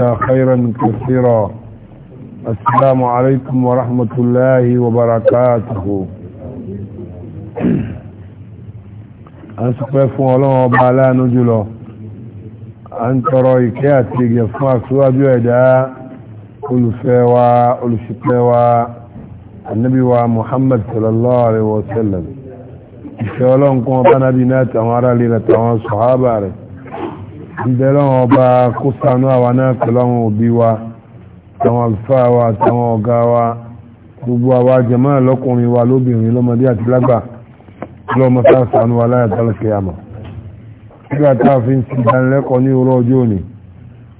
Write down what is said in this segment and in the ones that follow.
جزاك خيرا كثيرا السلام عليكم ورحمة الله وبركاته أسفة فولان وبالا نجلو أنت رأيكي أتيجي فماك سوى بيدا olùfẹ́wà olùṣìpẹ̀wà annabiwa muhammad sallallahu alaihi wasallam ìfẹ́ ọlọ́nkún ọba nábi náà tàwọn ará lè rẹ̀ tàwọn sọ̀hábà rẹ̀ ìbẹ̀rẹ̀ wọn ọba kó ṣàánú àwa náà pẹ̀lú àwọn òbí wa àwọn àlùfáà wa àtàwọn ọ̀gá wa gbogbo àwa jẹ̀mọ́ ẹ̀lọ́kùnrin wa lóbìnrin lọ́mọdé àti lágbà lọ́mọ sáà ṣàánú wa láyà tálẹ̀kẹ́ àmọ́ nígbà tá a fi ń sin ìdánilẹ́kọ̀ọ́ ní òró ọjọ́ òní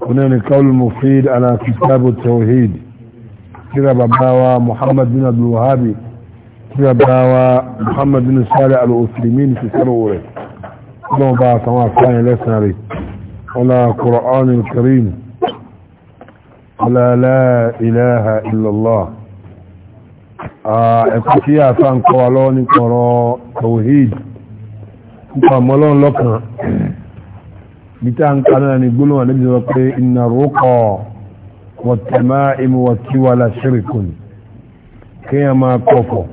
onírin kọ́lù mufid alákìtàbù tawhid kíra bàbá wa muhammad bin abdul wahabi kíra bàbá wa muhammad bin sálẹ̀ al-uslimin ti sọ́rọ̀ rẹ̀ lọ́mọ bá a sanwó àfáàyàn lẹ́sàn rẹ̀ على قرآن الكريم على لا إله إلا الله ẹ̀kùnkí àfáà ń kọ́ alọ́ nípa ọ̀rọ̀ tawhid nípa mọ́lọ́n lọ́kàn níta ń ká náà ni gbólóhàn lẹ́bí sọ pé iná rúkọ wọ̀tẹ̀má ìmúwàtíwà láṣírìkùn kí a máa kọ̀kọ̀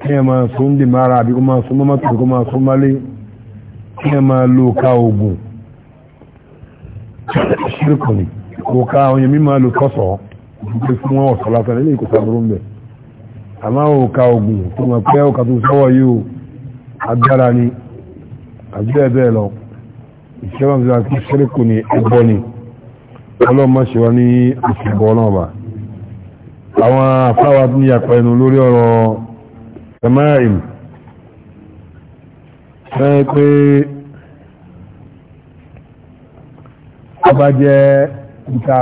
kí máa sún dì mara máa sún mọ́mọ́tò kó máa sún málé kí máa lò ogun ṣírìkù ni kò ká àwọn yẹn mímọ́ lò kọ́sọ̀ pé fún wọn ọ̀sọ̀ lásán nílé ìkọ̀sọ̀ àbúrò ń bẹ̀ àmọ́ ò ká ogun tó mọ̀ pé ọkà tó sọ́wọ́ yìí ó agbára ni àbí ẹ̀ bẹ́ẹ̀ lọ ìṣẹ́wọ̀n ti láti ṣírìkù ni ẹbọ ni ọlọ́mọ ṣe wá ní ìṣẹ̀bọ̀ náà bá àwọn afáwa ní àpá ẹnu lórí ọ̀rọ̀ ẹ̀máìm fẹ́ pé ọba jẹ́ ìta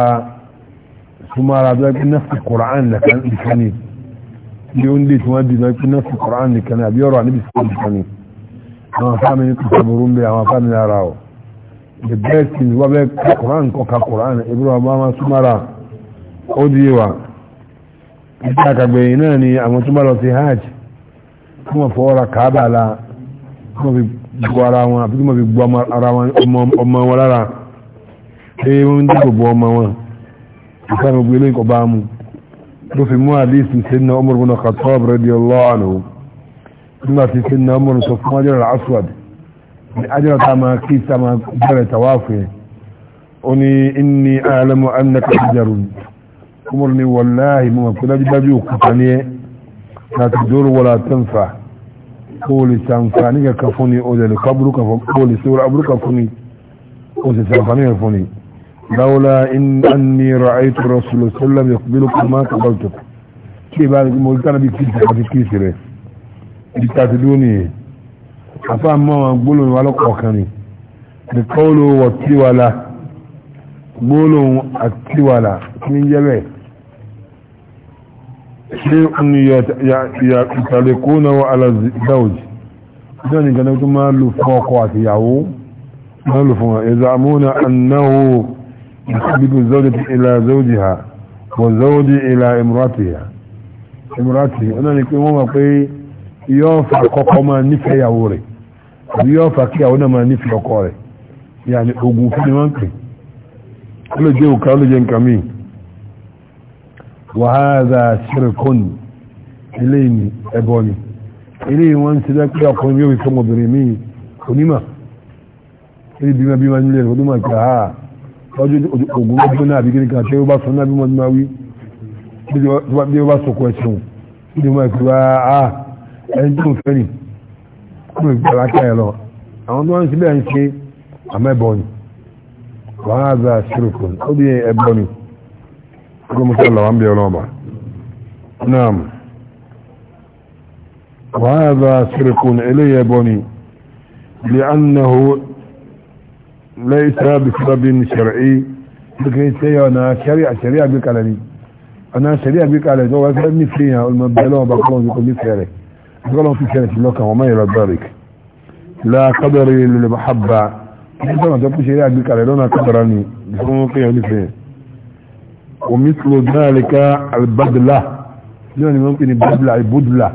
súnmọ́ra tó ẹgbẹ́ nọ́ọ̀sì kùrán nìkan nìkan ni ní ó ń lè tí wọ́n dì lọ́pẹ́ nọ́ọ̀sì kùrán nìkan ni àbí ọ̀rọ̀ àníbi sí nìkan ni àwọn fáàmì ní kùsà burú ń bẹ àwọn fáàmì ara ọ̀ the best thing wọ́n bẹ́ ka kùrán kọ́ ka kùrán ibi wọn bá máa súnmọ́ra di wa ìta àkàgbẹ̀yìn náà ni àwọn tó bá lọ hajj kí wọ́n fọ́ ra kàábàlà kí wọ́n ara wọn àbí kí wọ́n fi gbọ́ ọmọ wọn lára pé wọ́n ń dáàbòbò ọmọ wọn ìfẹ́ gbogbo ilé ìkọba mu ló fi mú àdísì sẹ́nà Umar ibn Khattab radiyallahu anhu nígbà tí sẹ́nà Umar sọ fún ajẹ́rẹ̀ al-aswad ní ajẹ́rẹ̀ tá a máa kí sá máa bẹ̀rẹ̀ tàwáfù yẹn ó ní inni a'lamu annaka hajarun Umar ní wallahi mo mọ̀ pé dájúdájú òkúta ní ẹ́ láti dúró wala tanfa kóòlì sì sàǹfà nígbà fún ni. لولا إن أني رأيت الرسول صلى الله عليه وسلم يقبلك ما قبلتك كي بعد مولك أنا بكيسة بكيسة بكاتدوني أفهم ما أقبلون ولا قوكني بقوله والتوالة قولوا التوالة من جبه شيء أن يتلقونه على الزوج ذلك أنه ما لفوا قواتي يعو ما لفوا يزعمون أنه يحبب الزوجة إلى زوجها والزوج إلى امرأتها امرأته أنا نكون هو قي يوفى قوما نفي يوري يوفى كي أنا ما نفي قوري يعني أقوفني منك كل جيو كل جين كمين وهذا شرك إليني أبوني إليه وان سيدك يقوم يوفي كم بريمي كنما إلي بما بما نليل ودوما كها lọ́jọ́ ògùn lọ́jọ́ náà àbíkí nìkan tí ó bá sọ́nà bí wọ́n máa wí bí ó bá sọ̀kọ̀ ẹ̀sùn ní wọ́n ti wá á ẹni tí mo fẹ́ nì kó lè gbà lákà lọ àwọn tó ń síbẹ̀ ń ṣe àmẹ́bọ̀ ni wọ́n á gba sírùkù ó di ẹbọ ni ọgbọ́n mo sọ̀rọ̀ làwọn bí ọlọ́ọ̀bà náà wọ́n á gba sírùkù eléyẹ̀ ẹbọ ni lè ليس بسبب شرعي لكن سيونا شريعة شريعة بك على لي أنا شريعة بك على لي وفهم فيها المبدلون بقلون يقول لي فيها بقلون في شريعة لوكا وما يرى ذلك لا قدر للمحبة عندما تقول شريعة بك على لونا قدرني بقلون يقول لي فيها ومثل ذلك البدلة يعني ممكن البدلة البدلة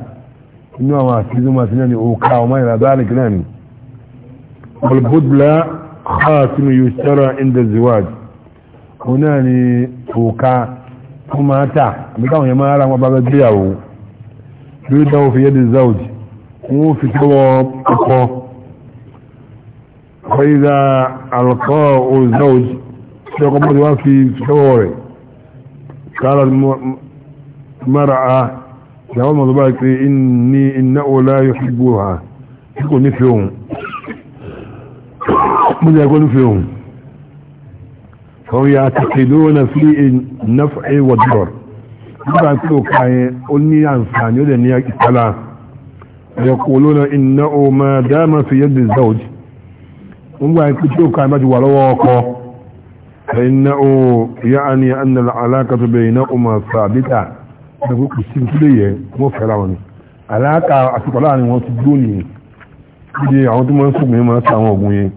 إنه ما أسلم ما أسلم أوكا وما يرى ذلك لاني والبدلة خاتم يشترى عند الزواج هنا ني فوكا كما تا بكاو يا مارا ما بابا دياو يدعو في يد الزوج مو في توب فإذا ألقاه الزوج يقوم في شعوره قال المرأة يا أول ما إني إنه لا يحبها يقول نفهم من يقول فيهم فهم يعتقدون في النفع والضرر nígbà tí ó ka yẹn ó ní àǹfààní ó dẹ̀ ní ìtàlá يقولون إنه ما دام في يد الزوج wọ́n gbà pé tí ó ka bá ti wà lọ́wọ́ ọkọ فإنه يعني أن العلاقة بينهما ثابتة ẹgbẹ́ kò sí ìtúlé yẹ wọ́n fẹ́ra wọn ni àlàáka àtìkọ́lá ni wọ́n ti dúró nìyẹn níbi àwọn tó máa ń sùn mí máa ń sa àwọn ògùn yẹn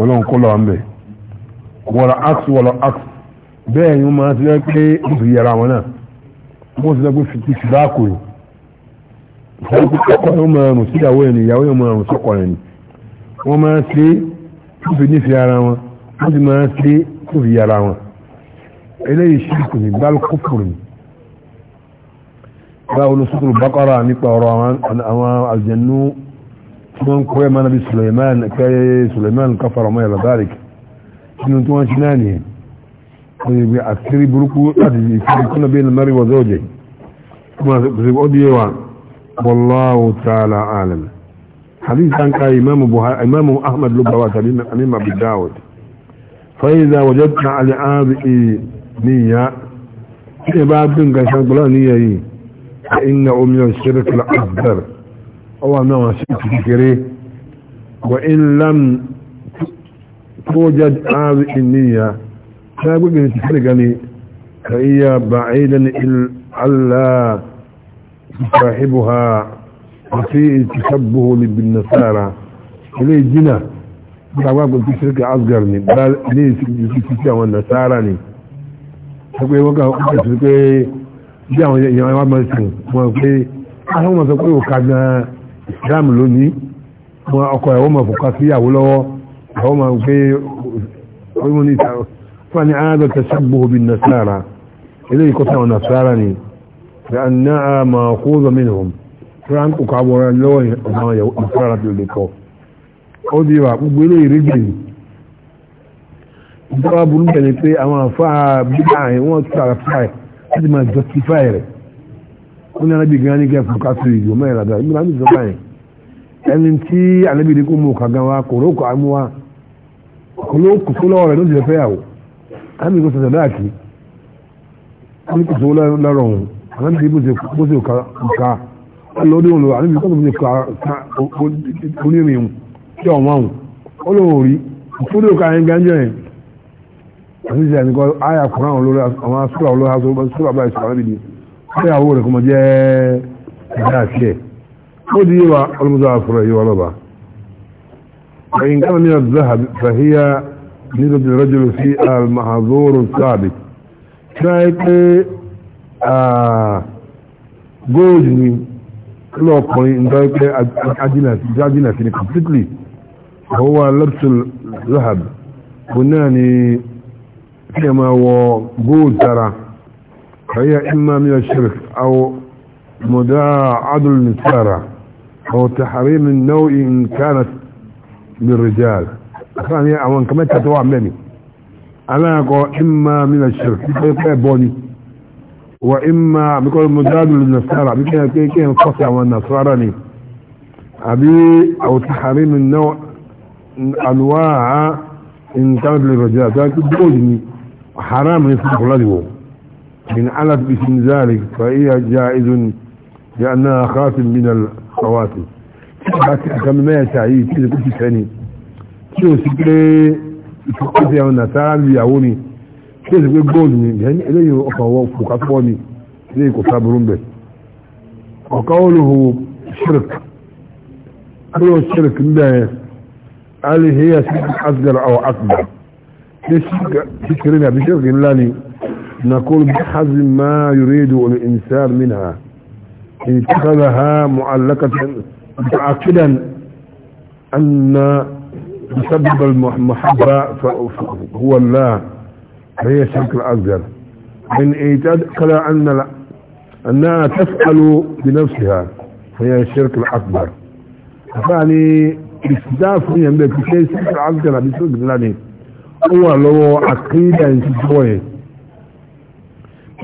ọlọ́run kó lọ́wọ́ mbẹ̀ wọ́lọ́ ax wọ́lọ́ ax bẹ́ẹ̀ ni wọ́n máa ti rẹ́ pé ó sì yẹra wọn náà wọ́n ti rẹ́ pé fi ti bá kò yìí ọkọ yóò máa rùn síyàwó ẹni ìyàwó yóò máa rùn sọ́kọ ẹni wọ́n máa ṣe tó fi nífẹ̀ẹ́ ara wọn wọ́n sì máa ṣe tó fi yàrá wọn eléyìí ṣírkù ní gbálùkùfùrù ni báwo ló sọ́kùrù bákọ́rà nípa ọ̀rọ̀ àwọn àjẹnú من قوي ما نبي سليمان كي سليمان كفر ما يلا ذلك شنو انتوا شناني أكثر بروكو يكون بين المرء وزوجه كما تقول والله تعالى أعلم حديث عن إمام أبو إمام أحمد لبوات أميم أبي داود فإذا وجدنا على هذه نية إباب بن قشان نية فإنه من الشرك الأكبر ọwọ́ náà wọ́n sí kékeré wà in lam توجد هذه النية لا بد أن تحرقني فهي بعيدا ألا تصاحبها وفي تشبه بالنصارى إليه جنة دعواك أن تشرك أصغرني بل ليه تشبه والنصارى تقول وقع تشرك جاءوا يا عمال سن وقال أهو ما تقول وقعنا islam lónìí wọn ọkọ ẹ̀wọ́n máa fòkà sí ìyàwó lọ́wọ́ ẹ̀wọ́n máa gbé ọmọ ní ìta fún àní àádọ́ tẹ sábò bí nasara eléyìí kọ́ sáwọn nasara ni rẹ̀ àná àmà kó zọmìn hùm frank ọkọ̀ lọ́wọ́ ọ̀nà ìyàwó nasara tó lè kọ́ ó di wà gbogbo eléyìí rí gbèrè ìjọba burúkú ẹni pé àwọn àfáà bíbá ẹ̀ wọ́n tún àfáà ẹ̀ láti máa justify rẹ̀ ó ní anábì gan ní kẹ́ fòkà sí ìjò mẹ́rin àdá ìgbìmọ̀ àmì ìjọba yẹn ẹni tí anábì ní kó mú ọkà gan wa kò rókò amú wa kò ló kò tó lọ́wọ́ rẹ̀ ló ti lè fẹ́ yàwó àmì kò sọ̀tẹ̀ dáàkì ó ní kò tó lọ́rọ̀ òun anábì ní bó ṣe òkà òkà lọ́dún òun lọ anábì kò tó ṣe òkà tí ọ̀wọ́n àwọn olórí àwọn asúra pé àwọn rẹ̀ kò mọ̀ jẹ́ ẹ̀dá àti ẹ̀ ó di yíwa ọlọ́mọdé àfúrà yíwa lọ́ba ẹ̀yìn kan ní az-zahab fàhíyà nílò bí rọ́jò sí al-mahadoro sáàbì tí wọ́n yẹ pé góòlù ni lọ ọkùnrin nígbà pé ajínà sí ni completely àwọn wa lọ́pùsùn zahab kò náà ni kí ẹ máa wọ góòlù sára فهي إما من الشرك أو مداعد النسارة أو تحريم النوع إن كانت للرجال ثانيا يا أن كما تتوى مني أنا أقول إما من الشرك يقول بوني وإما بيقول مداد النسارة بيقول كي كي نقص عن النصارى أبي أو تحريم النوع أنواع إن كانت للرجال ذلك بوني حرام يصبح لديه إن علت باسم ذلك فهي جائز لأنها خاتم من الخواتم كما ما يتعيه كده كنت ثاني شو سكري فقط يا نتال بيعوني كده سكري جوزني يعني إليه أخوة فقطوني إليه كتابرون به وقوله شرك أيوه الشرك مباهي قال هي شرك أصغر أو أكبر ليش فكرنا بشرك لاني نقول بحزم ما يريد الإنسان منها إن اتخذها معلقة متاكدا أن مسبب المحبة هو الله هي الشرك الأكبر إن اتخذ أن أنها تفعل بنفسها هي الشرك الأكبر يعني استداف من يملك شيء الشرك الأكبر هو لو عقيدة انتجوه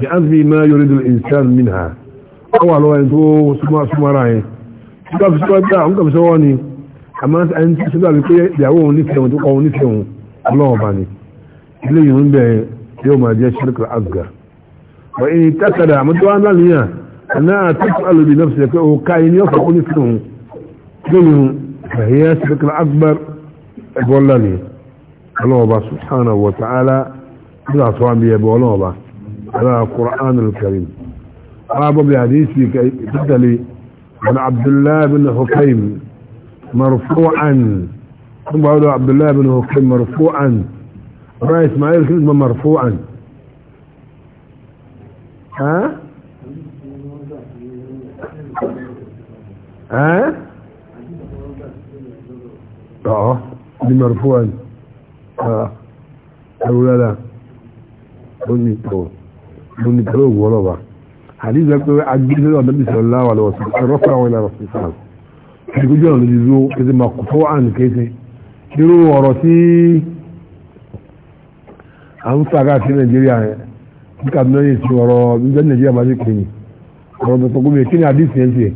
لأنفي ما يريد الإنسان منها أول وين تو سما سما راي كم سوا دا هم كم سواني أما أنت سوا بكي دعوه نفهم تقوه نفهم الله باني اللي يوم به يوم هذا الشرك الأصغر وإن اتأكد مدوان لنيا أنها تسأل بنفسك أو كائن يفرق نفهم كلهم فهي الشرك الأكبر أقول لني الله سبحانه وتعالى إذا صوان بيه بولوبه على القرآن الكريم أبو بحديثي تدلي عن عبد الله بن حكيم مرفوعا ثم قالوا عبد الله بن حكيم مرفوعا رأي إسماعيل كلمة مرفوعا ها ها اه دي مرفوعا اه اولا لا لا طول lóni tẹ́lẹ̀ òwú ọlọ́ba àdìsí pé agbésẹ́lẹ̀ ọ̀dọ́bí sọ̀rọ̀ láwà lọ́wọ́ sí rọ́pà àwọn ìlànà sí sáà ìgbójú ọ̀nà lójú zó kéde máa kù fọ́ àrùn kéde irú ọ̀rọ̀ tí à ń fà káàkiri nàìjíríà yẹn bí kàdúnà yìí ọ̀rọ̀ nígbà nàìjíríà máa ti kéyìn ọ̀rọ̀ tó tọ́gbọ́n mi kí ni àdìsí yẹn tiẹ̀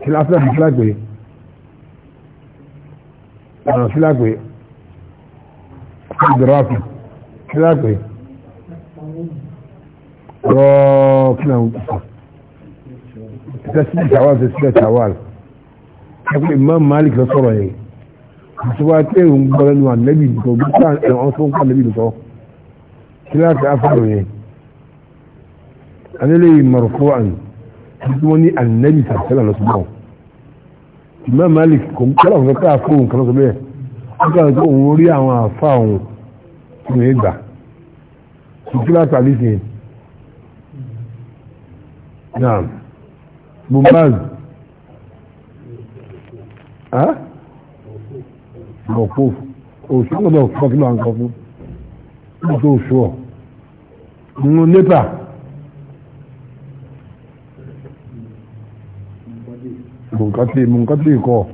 kí ni afẹ́ àti fúlàgbé ọ̀nà fúlàgbé fúlàgbé fúlàgbé rọ́ọ̀kìnà tẹ́sílẹ̀ tàwà tẹ́sílẹ̀ tàwà ẹgbẹ́ Imam Malik lọ sọ̀rọ̀ yẹn àtiwá tẹ́rù ń gbọ́ lẹ́nu ànẹ́bì nìkan bí ká ẹ̀wọ̀n tó ń kà lẹ́bì nìkan kí láti afárò yẹn alẹ́lẹ́ ìmọ̀rọ̀fọ́ àná tí wọ́n ní ànẹ́bì sàtẹ́lẹ̀ lọ sọ́gbọ́n Imam Malik kò ń kọ́lọ̀ fún ká fóun kan sọ bẹ́ẹ̀ wọ́n kà ń rí àwọn àfa òun tí wọ́n gbà نعم ممتاز ها موقوف وشو ده فك له عن قفو شو شو نيبا منقطي منقطي كو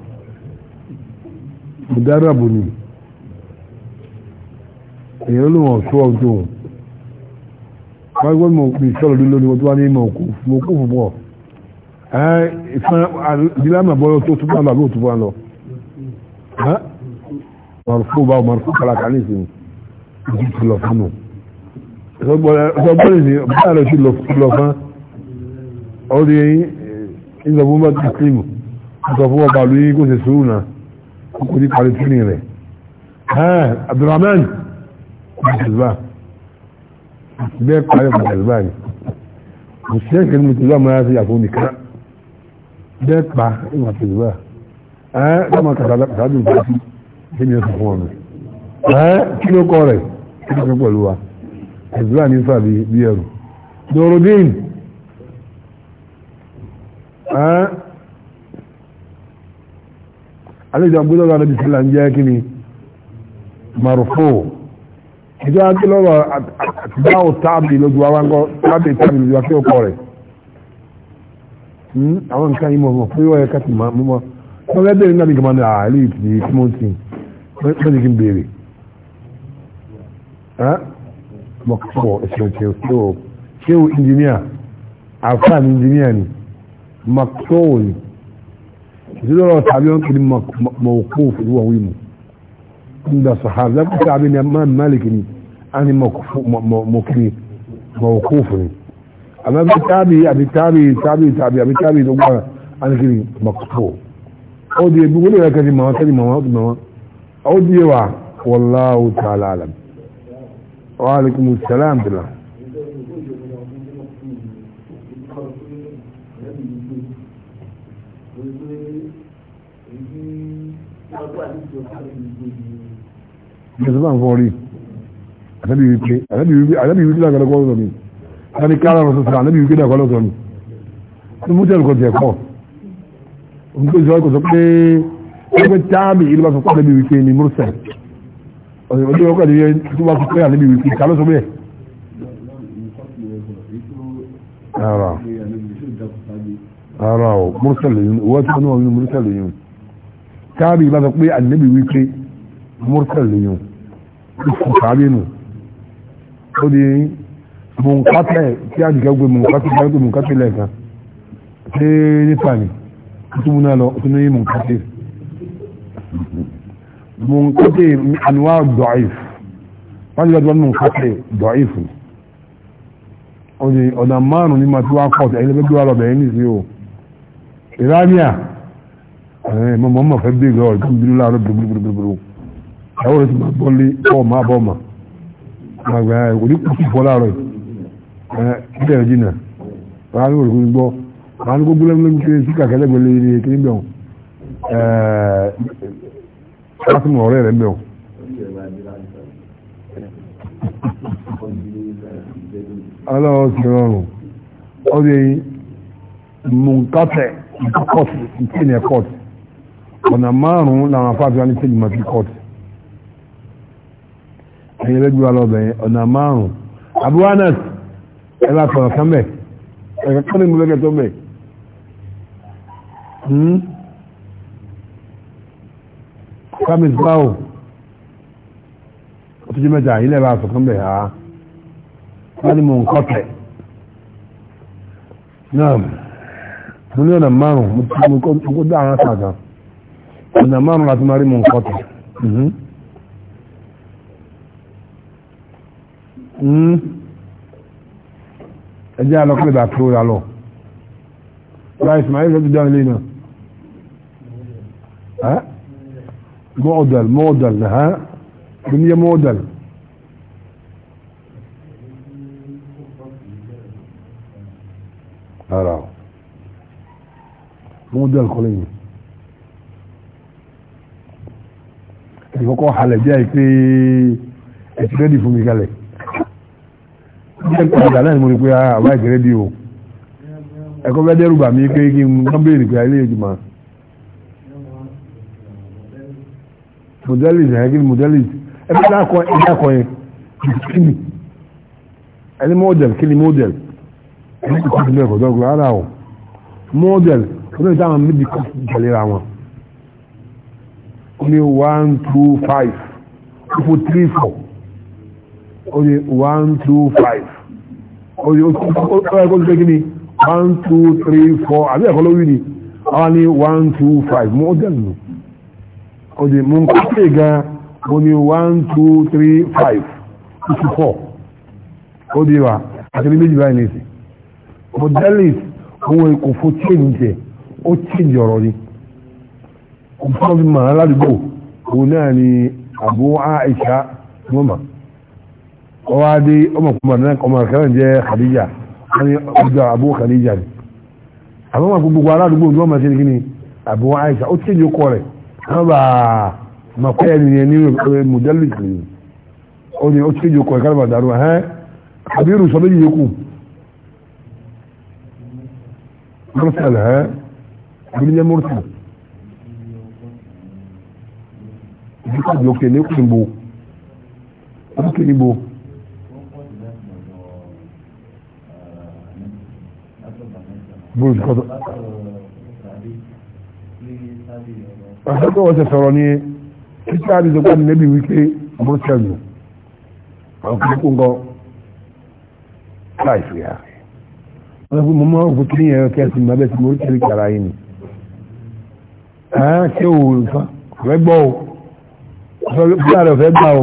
مدربني يقولوا شو عندهم wọ́n gbé mọ̀kù sọ̀rọ̀ ló lórí wọ́n ní mọ̀kù mọ̀kù púpọ̀ ìfẹ́ àdìlámà bọ́yọ̀ tó túbọ̀ lọ àbí òtúbọ̀ lọ mọ̀rùfú bá mọ̀rùfú kàlàkà ní ìsìn ìdí ti lọ fún un ìsọgbọ́n ìsìn bá rẹ̀ sí lọ fún ọdún yẹn ìsọgbọ́n bá ti kílìmù ìsọ fún ọba lóyún kó ṣe sùúrù náà kó kó ní parí tìrì rẹ̀ Abdulrahman ìsìn bá bẹ́ẹ̀ parí ọ̀pọ̀ ẹ̀lúbà ni kò sí ẹ̀kẹ́ ní mùtìlú ọmọ yára sí àfọ nìkan bẹ́ẹ̀ pa ìwà tìlúbà ẹ́ lọ́mọ kàtàdùn bá sí ṣé mi ò sọ fún ọmọ ẹ́ kí ló kọ́ rẹ̀ kí ló kọ́ pẹ̀lú wa ẹ̀lúbà ní fà bí ẹrù dorodin ẹ́ alẹ́ ìjọba gbọ́dọ̀ lọ́dọ̀ bí sílẹ̀ ń jẹ́ kí ni marufo ìjọ ajé lọ́rọ̀ àtìdáwò táàbì lójú awángọ́ láti táàbì lójú afẹ́ ọkọ rẹ̀ hmm? àwọn nǹkan yìí mọ̀ pé wọ́n yẹ ká ti máa mú mọ́ wọ́n fẹ́ bèèrè náà ní kàmáà àlè ìtìdí tímọ́tì wọ́n ti kí n bèèrè mọ̀ kọ́ ẹ̀sìn ọ̀tẹ̀ ṣé o ṣé o engineer àfáà ní engineer ni mọ̀kọ́ ni ìdílọ́rọ̀ tàbí wọn kiri mọ̀kọ́ òfin wọ̀wí mu ń da sọ̀hà lẹ́kọ̀ọ́ tàbí ní malik ni ani mọ̀kiri mọ̀kófù ni àmọ́ bí tábì àbí tábì tábì tábì àbí tábì tó gbà anikiri mọ̀kófù ó di ebi wọlé rẹ̀ kẹ́ni màmá kẹ́ni màmá kẹ́ni màmá ó di ewa wallahu ta'ala alam wa alaikum salam bila. Gbèsè bá ń fọ́ rí anabi wípé anabi wípé anabi wípé dàgbàlẹ̀ kọ́ lọ́sọ̀ mi anabi kára rọ̀ sọ̀sọ̀ anabi wípé dàgbàlẹ̀ lọ́sọ̀ mi ní mú tẹ̀lé kọ̀tì ẹ̀kọ́ nígbà tí wọ́n kọ̀ sọ pé ẹgbẹ́ táàmì ìlú bá sọ pé anabi wípé ni mùrùsẹ̀ ọ̀sẹ̀ ọdún ọkọ̀ ni tó bá sọ pé anabi wípé ká lọ́sọ̀ bẹ́ẹ̀. ara ara o mùrùsẹ̀ lèyìn wọ́n ti wọ́n ní mùrùsẹ̀ lèyìn táàmì ìlú sọ pé anabi wípé mùrùsẹ̀ lèyìn ìfọ̀kàbínú ó di mùnkátẹ̀ tí a jùkẹ́ gbé mùnkátẹ̀ tí a gbé mùnkátẹ̀ lẹ́ẹ̀kan ṣé nípa ni túmú náà lọ sínú yí mùnkátẹ̀ mùnkátẹ̀ àníwá dọ̀ìf wọ́n jùlọ jùlọ mùnkátẹ̀ dọ̀ìf ó di ọ̀nà márùn-ún ní màtí wá kọ́ọ̀tù ẹ̀yìn lẹ́gbẹ́ wà lọ́bẹ̀ ẹ̀yìn sí o ìrámíà ẹ̀rẹ́ mọ́mọ́ fẹ́ bí ìgbà ọ̀rẹ́ tó ń bínú láàárọ̀ bìrìbìrìbìrì ẹ̀wọ̀n rẹ̀ ti máa bọ́lé bọ́ọ̀mà bọ́ọ̀mà gbàgbà oníkùtù bọ́ láàárọ̀ ìbẹ̀rẹ̀ jìnà wàá ní òrùkú gbọ́ wàá ní gbogbo lẹ́gbẹ̀ẹ́ kiri sí kàkẹ́lẹ́gbẹ̀ẹ́ lè kiri bẹ̀rù látìmọ̀ ọ̀rẹ́ rẹ̀ bẹ̀rù. aláwọ̀ sí rọrùn ọdún yìí mùnkátẹ̀ kọ́ọ̀tù ìpínlẹ̀ kọ́ọ̀tù ọ̀nà márùn-ún làwọn afáàfin wá ní tẹ́lẹ̀ mọ́tì kọ́ọ̀tù ẹ̀yẹ lẹ́gbẹ́ wa lọ́bẹ̀ yẹn ọ̀nà márùn-ún àbúrò anas ẹ bá sọ̀rọ̀ kan bẹ̀ ẹ̀ka kan ní mo fẹ́ kẹtọ́ bẹ̀ hmm? kamis báwo ọtúnjú mẹ́ta ilẹ̀ bá sọ̀rọ̀ kan bẹ̀ ha wọ́n ní mo ń kọ́ tẹ̀ náà mo ní ọ̀nà márùn-ún mo kó dáhùn sáà kan ọ̀nà márùn-ún láti máa rí mo ń kọ́ tẹ̀. Hmm? ẹjẹ́ alọ́kọ́lẹ̀ bá tó rà lọ láì Ismail ló ti dán ilé náà mọ́ọ̀dàl mọ́ọ̀dàl náà dúníyẹ mọ́ọ̀dàl ara mọ́ọ̀dàl kọ́lẹ̀ yìí ìkọ́kọ́ halẹ̀ jẹ́ ìpé ẹ̀tìrẹ́dì fún mi kalẹ̀ jẹ́ ìpàdà náà mo rí pé àwa ah, ìkẹrẹ́ bí o ẹ̀kọ́ fẹ́ dẹ́rù bà mí pé kí n pé ilé ìgbìmọ̀ modelis ẹ̀yẹ́ kí ni modelis ẹgbẹ́ dákọ̀ ẹgbẹ́ dákọ̀ yẹn kí ni ẹni model kí ni model ẹni kò tún bẹ́ẹ̀ kò dọ́gbọ́n ara o model olóyè táwọn méjì kọ́ jẹ̀lera wọn ó ní one two five ó fún three four ó ní one two five oye ó ti pé kí ni one two three four àbí ẹ̀kọ́ lórí ni àwọn ni one two five mo ó dẹ̀nu oye mo ń kọ́kẹ́ gan one two three five two four ó di wa àti ní méjì báyìí nìyí mo dẹ́lìs òun kò fo chain tiẹ̀ ó chain ọ̀rọ̀ ni kò fọ́n fi mọ̀ aládùúgbò òun náà ni Aisha mọ́mọ́. ọwádé ọmọ kẹrẹ jẹ́ Khadija ọjọ́ Abu Khadija ni àwọn ọmọ gbogbo aládùúgbò ní ọmọ ìṣẹ́lẹ̀ gini Abu Aisha ó tíjọ kọ rẹ̀ wọ́n bá mọ̀kọ́ ẹni yẹn ní bóyá kọ́tọ́. àtúntò wọn ṣe sọ̀rọ̀ ní títí àdìsọ pé níbi wípé ọmọ sẹ́nu àwọn kìí kó ń gọ láìsí ya wọ́n fi mọ́ máa ń fún kíní ẹ̀rọ kẹ́sì máa bẹ́ẹ̀ sí mo rí kiri kàrà yìí ni. àá ṣé o nǹkan ọ̀fẹ́ gbọ́ o ọ̀fẹ́ rẹ̀ ọ̀fẹ́ gbà o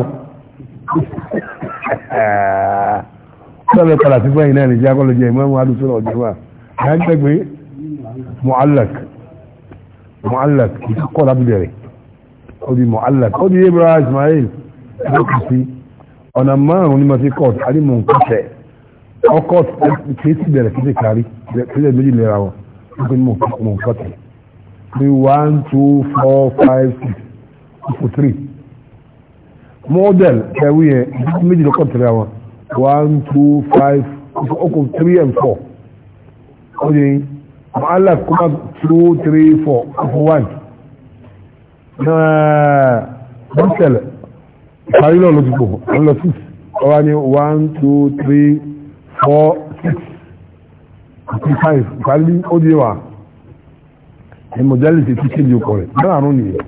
ọ̀fẹ́ rẹ̀ padà sí fún ẹ̀yìn náà nìjẹ́ akọ́lọ́jẹ́ ìmọ̀ àwọn adùsọ̀rọ̀ ọ̀jẹ̀ wà àyájọ́ pé mu'allak mu'allak ìkọ́ lábúdẹ̀ rẹ̀ ó di mu'allak ó di ibrahim ismail lókè sí ọ̀nà márùn-ún ní mọ́tí court alimu nkọ́tẹ̀ ọkọ̀ kìí sì bẹ̀rẹ̀ kìí sì kárí kìí méjì lera wọn ó pe mọ̀ nkọ́tẹ̀ pé one two four five six two three model kẹwìyẹ méjì lọ́kọ̀ tẹ̀lé wọn one two five ọkọ̀ three and four oye mu'allaf kuma 2 3 4 afuwan na brussels ìparí náà ló ti pò ń lọ 6 ọwá ní 1 2 3 4 6 àti 5 ìparí ó di wà ní mọ̀jálì ti kíkẹ́ di okọ̀ rẹ̀ náà àrùn nìyẹn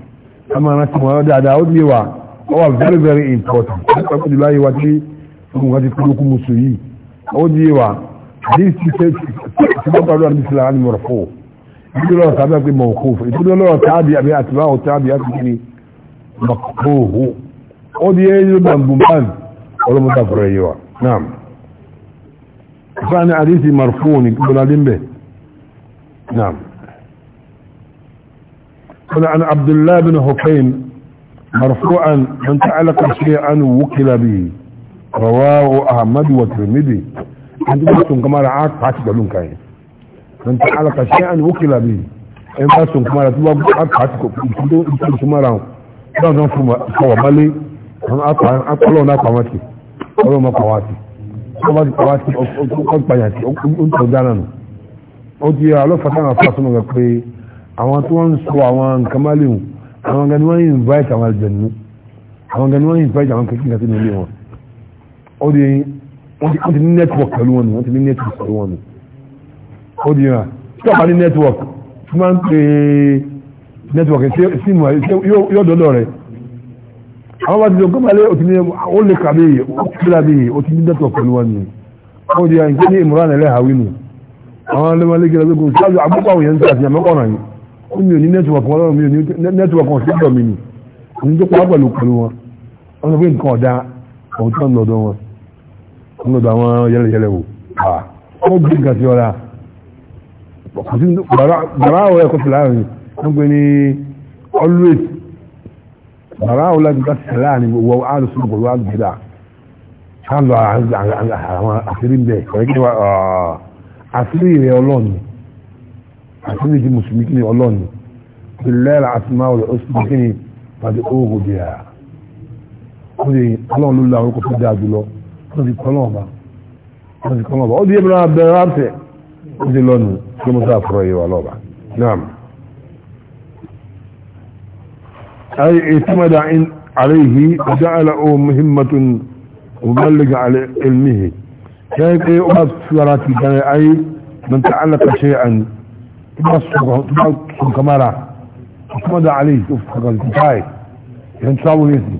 a máa rántí wọn dáadáa ó di wà ó wà very very important nípa pẹ̀lú láyé wa tí ogun kan ti kúrúkú musu yìí ó di wà حديث سبب قالوا مثل عن مرفوع يقول له تعبي أبي موقوف يقول له تعبي أبي أتباعه تعبي أبي مقطوه ودي يجب أن بمبان ولا مدفر أيوة نعم فأنا حديثي مرفوع يقول عليهم به نعم قال عن عبد الله بن حكيم مرفوعا من تعلق شيئا وكل به رواه أحمد والترمذي àti bá sùn kamara á pàtì pẹ̀lú nǹkan yẹn wọn ti alakasi àni wókìlà bíi ẹ bá sùn kamara tí wọn á pàtì pẹ̀lú nǹkan sumara wọn náà wọn fún wa malé wọn akọlọ́wọ́n náà pàmò sí ọlọ́wọ́n máa pàwá sí ọlọ́wọ́n ti pàwá sí ọkọ̀ pàyà sí ọkọ̀ dáná nù ó ti yẹ alọ́fàtà àwọn afásùn náà pé àwọn tí wọ́n ń sọ àwọn nǹkan má àwọn gani wọ́n invite àwọn àlùjànnú àwọn gani wọ́n invite àwọn kékeré àti nílé wọn ó di wọ́n ti ní network pẹ̀lú wọn nù wọ́n ti ní network pẹ̀lú wọn nù ó di hàn tí wọ́n bá ní network tí wọ́n pe network sim yóò dọ́dọ̀ rẹ̀ àwọn bá ti sọ gómìnà lé òtún ní ó lè kà bí ó ti bíra bí ó ti ní network pẹ̀lú wọn nù ó di hàn nǹkan ní ìmúra nílẹ̀ àwí nù àwọn alẹ́mọ́lẹ́ gẹ́gẹ́ bí kò sáájú àbúkọ àwọn yẹn ń sàtìyàn mẹ́kànnà yìí ó mi ò network wọn lọ́rùn mi ò network wọn sí ìdọ̀ mi nì òun tó pa á pẹ̀lú pẹ̀lú wọn wọn sọ pé nǹkan ọ̀dà ọ̀tún lọ́dọ̀ wọn kúnnú bá wọn yẹlẹyẹlẹ wò wọn gbé nǹkan sí ọ̀la bàbá àwọn ẹ̀kọ́ sí láàrin wọn gbé ní always bàbá àwọn ẹ̀kọ́ sí láàrin wọ àlù sínú pẹ̀lú àgbẹ̀dà ká lọ àwọn àṣírí ń bẹ̀ ọ̀rẹ́ kí wọ́n àṣírí rẹ̀ ọlọ́ọ̀ni àṣírí ti mùsùlùmí kí ni ọlọ́ọ̀ni ìlẹ́rà àtìmáwò rẹ̀ ó sì kí ni pàdé ó hò dìrà ó lè ọlọ́ọ̀lù làwọn kò tó dáa jùlọ wọ́n ti kọ́nà ọba wọ́n ti kọ́nà ọba lọ́nu kí ló mú wà lọ́ba naam. أي اعتمد عليه وجعل مهمة مبلغ على علمه كيف أمس سورة أي من تعلق شيئا تبصر كمارا اعتمد عليه تبصر كمارا ينساوي يسمي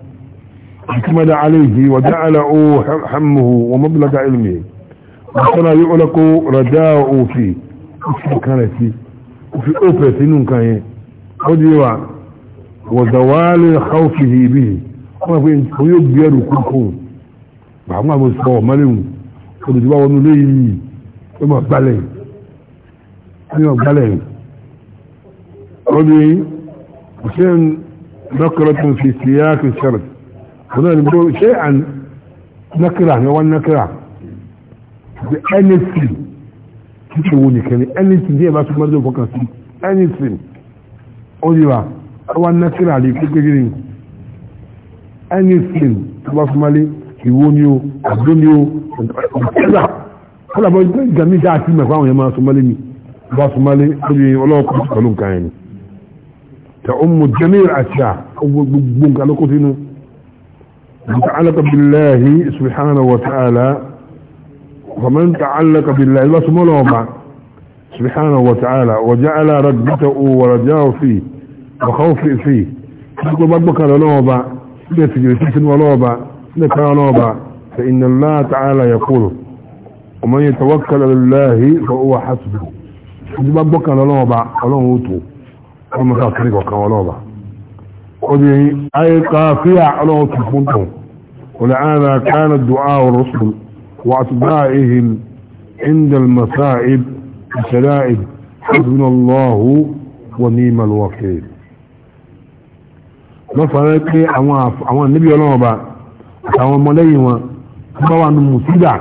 اعتمد عليه وجعله حمه ومبلغ علمه وكان يؤلق رجاؤه فيه كان فيه وفي أوفة سنون كان وديوا وزوال خوفه به ويبير كلكم بعض ما بسوا ملهم وديوا ونليه وما بالهم وما بالهم ودي وشين نقرة في سياق الشرط هنا نقول شيئا نكره نوال نكره بأنسين تشوني كان أنسين دي باسو مرضو فكاسين أنسين أوليوا أول نكره لي كيكيرين أنسين تباسو مالي يونيو أبدونيو كذا kọ́lá bọ́ ìgbà mi dáa sí mẹ́fà àwọn yẹn máa súnmọ́lé mi bá súnmọ́lé lórí ọlọ́ọ̀kọ́ pẹ̀lú nǹkan yẹn ni tẹ̀ ọmọ jẹ́mí àṣà gbogbo nǹkan lókó sínú من تعلق بالله سبحانه وتعالى ومن تعلق بالله الله سبحانه سبحانه وتعالى وجعل رجته ورجاه فيه وخوفه فيه يقول ربك لنوبا يتجلسك ولوبة ذكر فإن الله تعالى يقول ومن يتوكل لله فهو حسبه ربك لنوبة ولنوته ومن تعطيك وكان قدي اي قافية على تكونهم ولعانا كان الدعاء الرسل واتباعه عند المسائب الشلائب حزن الله ونيم الوكيل نصر كي اما نبي الله با اما مليم اما وان مسيدة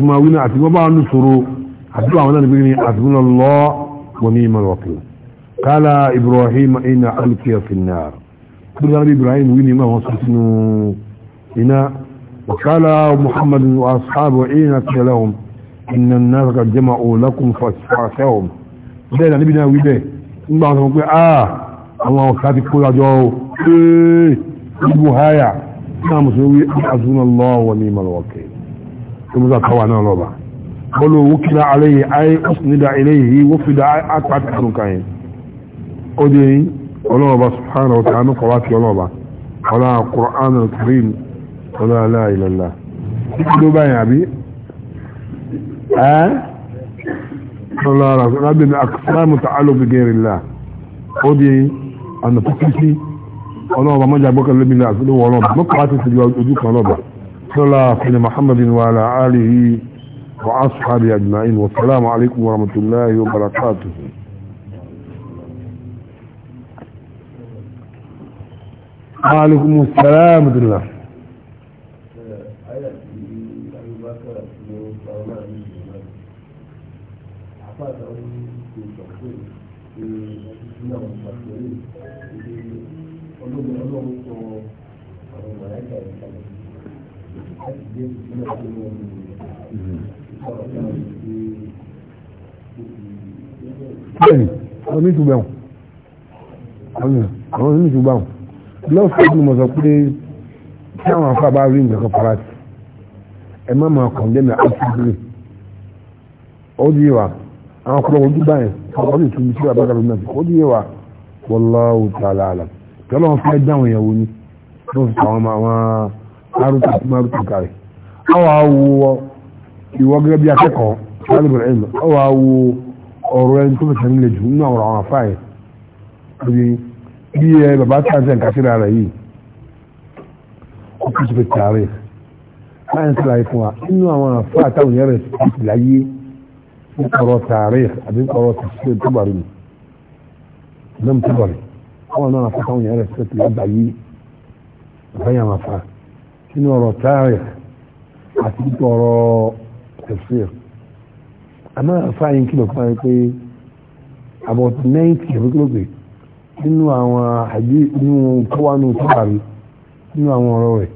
اما وان اتبا با نسرو حزن الله ونيم الوكيل الله ونيم الوكيل قال ابراهيم اين اهلك في النار بلال إبراهيم وينما وصلتنا هنا وقال محمد وأصحابه عينة لهم إن الناس قد جمعوا لكم فاسفعتهم بينا نبنا ويبه نبعث مقوي آه الله وكاتب كل عجوه إيه إبو هايا نعم سنوي أحزن الله ونعم الوكيل ثم ذا طوانا لبا قالوا وكل عليه أي أسند إليه وفد أتبعت أحرم كاين قدين ọlọ́ọ̀bá subhanahu wa a kọ̀ láti ọlọ́ọ̀bá ọlá Qur'an al-Karim ọlá aláìlọ́lá ló báyìí àbí ẹ́ ọlá rábìn akṣáàmù ta'alù ó di ọ̀nà mọ́jà àti Alaikum salaam dùnà. Bẹ́ẹ̀ni, àwọn mí tún bẹ̀rùn. Àwọn mí tún bẹ̀rùn lọ́ọ̀fù ọdún mọ̀ sọ pé tí àwọn afá bá rí nǹkan kan para ti ẹ má máa kàn dé ní àtúntò ó di wa àwọn ọkùnrin ojú báyìí ọkọ̀ ní ìtumí sí àbá kàlùmí àti ó di wa wallahu ta'ala alam tọ́lọ́ wọn fẹ́ dáwọn ìyàwó ni ló fi àwọn àwọn arúgbó àti márùkù kárì àwọn awo ìwọ gẹ́gẹ́ bí akẹ́kọ̀ọ́ lálùbẹ̀rẹ̀ ẹ̀mọ́ àwọn awo ọ̀rọ̀ ẹni tó fẹsẹ̀ nílẹ̀ jù nínú àwọn àwọn afáyẹ̀ bí ẹ bàbá tàǹtẹ̀ kásíra rẹ̀ yìí ó kú sí pé tààrẹ̀ láyé síra yìí fún wa nínú àwọn àfọ àtàwọn yẹn rẹ̀ sì láyé ń kọ̀rọ̀ tààrẹ̀ àbí kọ̀rọ̀ tàṣíṣe tábàrì ni lẹ́m tábàrì àwọn náà àfọ àtàwọn yẹn rẹ̀ sì ti lágbàáyé àbáyà máa fa nínú ọ̀rọ̀ tààrẹ̀ àti kọ̀rọ̀ tàṣíṣe àmọ́ àfọ àyín kìlọ̀ fún wa pé about ninety àbí kìlọ̀ pé. nínú àwọn àjí inú kọ́wánú tọ́wárí nínú àwọn ọ̀rọ̀ rẹ̀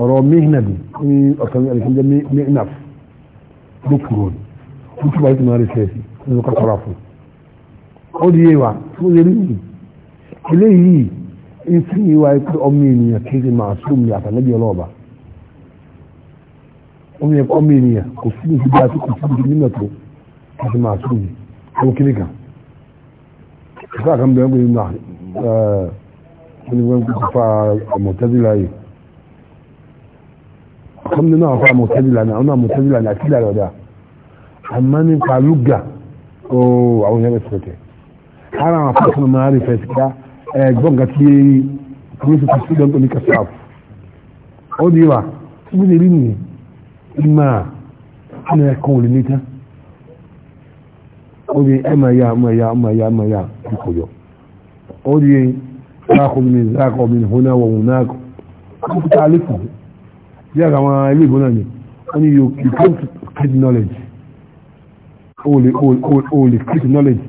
ọ̀rọ̀ mihnab ní ọ̀kan ẹ̀lẹ́kẹ́jẹ́ mihnab lókùrò ní ó túbọ̀ ní tìmọ̀ nínú kọ́kọ́rọ́ fún ó di yéwà fún lè rí yìí ń fi ìwà ikú ọmọ ènìyàn kéde máa sùn ní àtàlẹ́bí ọlọ́ọ̀bà ọmọ ènìyàn kò sí ní kò sí ní ní kíkọ́ àkànbẹ̀ ń pè ní ẹni wọ́n fa àmọ̀tẹ́bílà yìí ọkàn nínú àwọn àmọ̀tẹ́bílà náà àwọn àmọ̀tẹ́bílà náà àti ìlànà ọ̀dà àmọ́ nípa lúgà ooo àwọn yẹn bẹ̀rẹ̀ sọ̀tẹ̀ ara àwọn afọ́sọ́nà máa rí fẹ́ síká ẹ̀gbọ́n nǹkan tí ní ti fi dán ní kẹsàf ó di wa síbi lè rí mi ìmọ̀ ẹ̀kan ò lè ní ó di ẹ̀ máa ya ẹ̀ máa ya ẹ̀ máa ya ẹ̀ máa ya àsìkò yọ ó di sáàkùn mi sáàkùn mi hùnà wọ hùnà kù ó fi tààlé fún bí àgbà àwọn ilé ìbọn náà ni wọ́n ní you can't get knowledge o lè get knowledge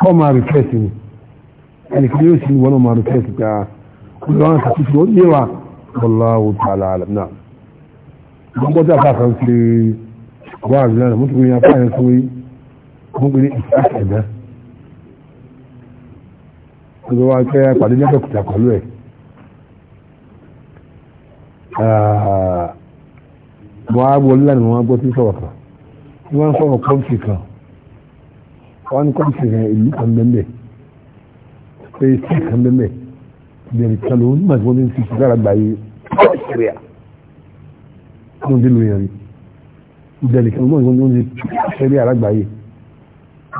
kọ́ máa refer sí ni ẹnìkan a kò lọ́wọ́ àtàkùn ó yé wa wallahu ta'ala alam náà gbogbo afa kan fi wá àgbẹ̀ náà mo tún fi yan afáyẹn fún yín mo ń pè ní ìfẹ́ àgbẹ̀ gbogbo wa kẹ́ pàdé mẹ́tẹ̀kùtà pẹ̀lú ẹ̀ ah, mo á wọlé lánàá mo máa gbọ́ sí sọ̀rọ̀ kan tí wọ́n ń sọ̀rọ̀ kọ́ǹtì kan wọ́n ní kọ́ǹtì kan ìlú kan bẹ́ẹ̀ pé sí kan bẹ́ẹ̀ bẹ̀rẹ̀ kan lòun nígbà tí wọ́n ti ń fi sìgára gbà yé ọ̀ṣẹ̀rẹ̀ à wọ́n ń dínú yẹn rí bẹ̀rẹ̀ kan lòun nígbà tí wọ́n ti ń fi sìgára gbà yé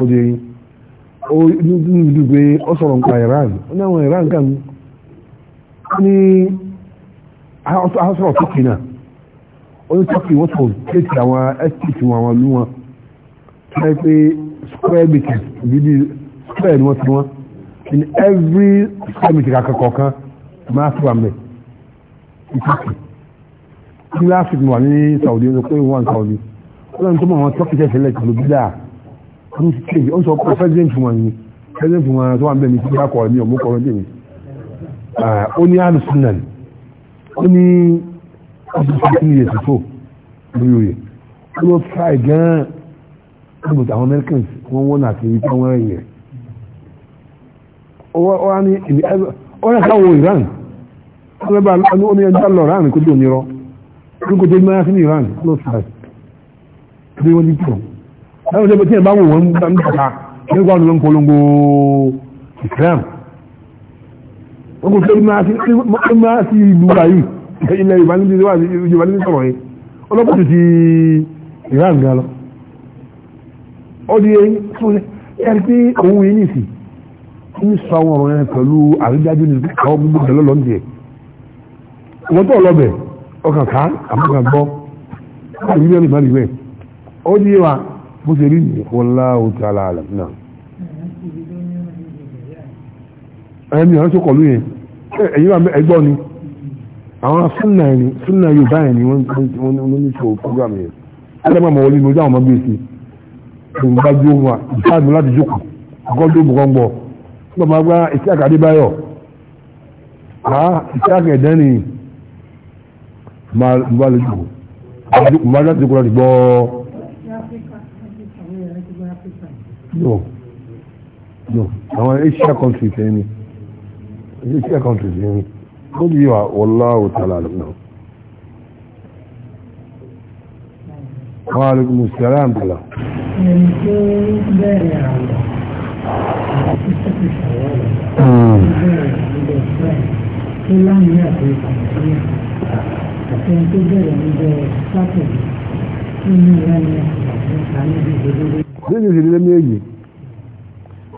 ó dé yín ó dúdú pé ó sọ̀rọ̀ nípa Iran ó ní àwọn Iran kan ní asọ̀rọ̀ turkey náà ó ní turkey wọ́n sọ̀rọ̀ kéèkì àwọn estate wọn àwọn lú wọn tó square meter bíbí square ni in every square meter kọ̀ọ̀kan máa fi wà mẹ́ ní turkey ní láàfin wà ní Saudi ó sọ pé wọ́n wà ní Saudi ó lọ́nà tó mọ̀ àwọn turkey tẹ̀sílẹ̀ ọdún ti kéèjì ó sọ pé president wọn ni president wọn tó wà ń bẹ̀ mí sí akọ̀ rẹ̀ mi ò lọ́dẹ̀ mi ah, ó ní alùsùnà ó ní ọdún fifteen years tó lórí oyè ó lọ fry gan-an ó àwọn Americans wọ́n wọ́n náà ti rí pé wọ́n rẹ̀ ó wá ní ó rẹ̀ káwọ́ Iran ó rẹ̀ bá ó ní ẹjọ́ lọ Iran kó tó nírọ́ kó tó ní Iran ló fà á bí wọ́n ní pọ̀ láwọn ọjọ́ tí ẹ̀ bá wò wọ́n ń dàgbà nígbà wọn ń polongo Islam wọ́n kò fẹ́ máa sí ìlú báyìí ilẹ̀ Yorùbá yìí ọlọ́pàá ti Iran gan lọ ó di fún ẹni pé òun yìí nìsí ń sọ àwọn ọ̀rọ̀ yẹn pẹ̀lú àrídájú ní àwọn gbogbo ìdẹ̀lọ́ lọ́n tiẹ̀ wọ́n tó ọlọ́bẹ̀ ọkàn ká àbúkà gbọ́ àbúkà ìbí ọ̀nà ìbálẹ̀ ó di wa bó ṣe rí nìyẹn wallahu ta'ala alam náà. ẹni àwọn tó kọlu yẹn ẹ̀yin wa ẹgbọ́ ni àwọn súnà ẹni súnà yorùbá ẹni wọ́n ní sọ program yẹn alẹ́mọ̀ àmọ̀ wọlé ní ojú àwọn ọmọ gbèsè òun bá jó wa ìfáàdùn láti jókòó àkọ́jọ́ bùkọ́ngbọ̀ nígbà máa gbá ìṣe àkàdé báyọ̀ á ìṣe àkàdé ni máa lè jókòó máa lè jókòó láti gbọ́ no no àwọn asia countries ẹni asia countries ẹni ó di yíwa wallahu ta'ala lọ́nà wọ́n alùpùpù sẹ́rà ń bẹ̀rẹ̀ ẹni tó bẹ̀rẹ̀ àwọn àti sẹ́kì sàwọ́lẹ̀ bẹ̀rẹ̀ ìgbẹ̀ fẹ́ tó láàrin àti ìpàdé àti ẹni tó bẹ̀rẹ̀ ìgbẹ̀ sátẹ̀ nínú ìlànà àti ìpàdé bẹ́ẹ̀ ni ìṣèlérí méjì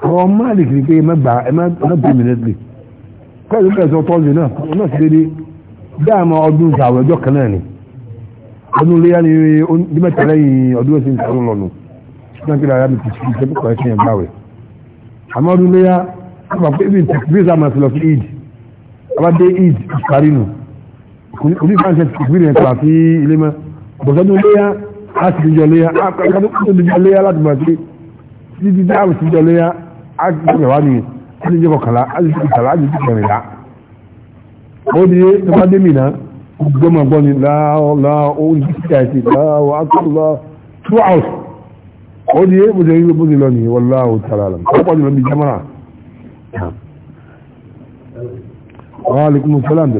àwọn máàlì kìí pé ẹ má bí mi lẹ́tìlì pẹ̀lú pẹ̀lú tọ́jú náà wọn náà ti dédé dáàmú ọdún ìsàwọ̀ ẹjọ́ kan náà ni ọdún léyà ni dímẹ́ta lẹ́yìn ọdún ẹ̀sìn ìsàwọ̀ lọ́nu náà kí lára mi ti fi ìṣẹ́ púpọ̀ ẹ̀sìn ẹ̀gbà wẹ̀ àmọ́ ọdún léyà àgbà pé ibi ìtẹ̀kùbíyèsà máa ti lọ sí ìdì abáde ìdì ìparí nù onífàǹsẹ̀ tìkùbí a sì jọ léyà a kàkàdé kúrò níjọ léyà láti máa ṣe títí tí a sì jọ léyà a sì jọ wá ní a sì jọ kọkànlá a sì jọ kọkànlá a sì jọ kẹrìnlá ó di tọ́ba dé mìíràn gbọ́mọ̀ gbọ́ ni láwọ́ láwọ́ ó ní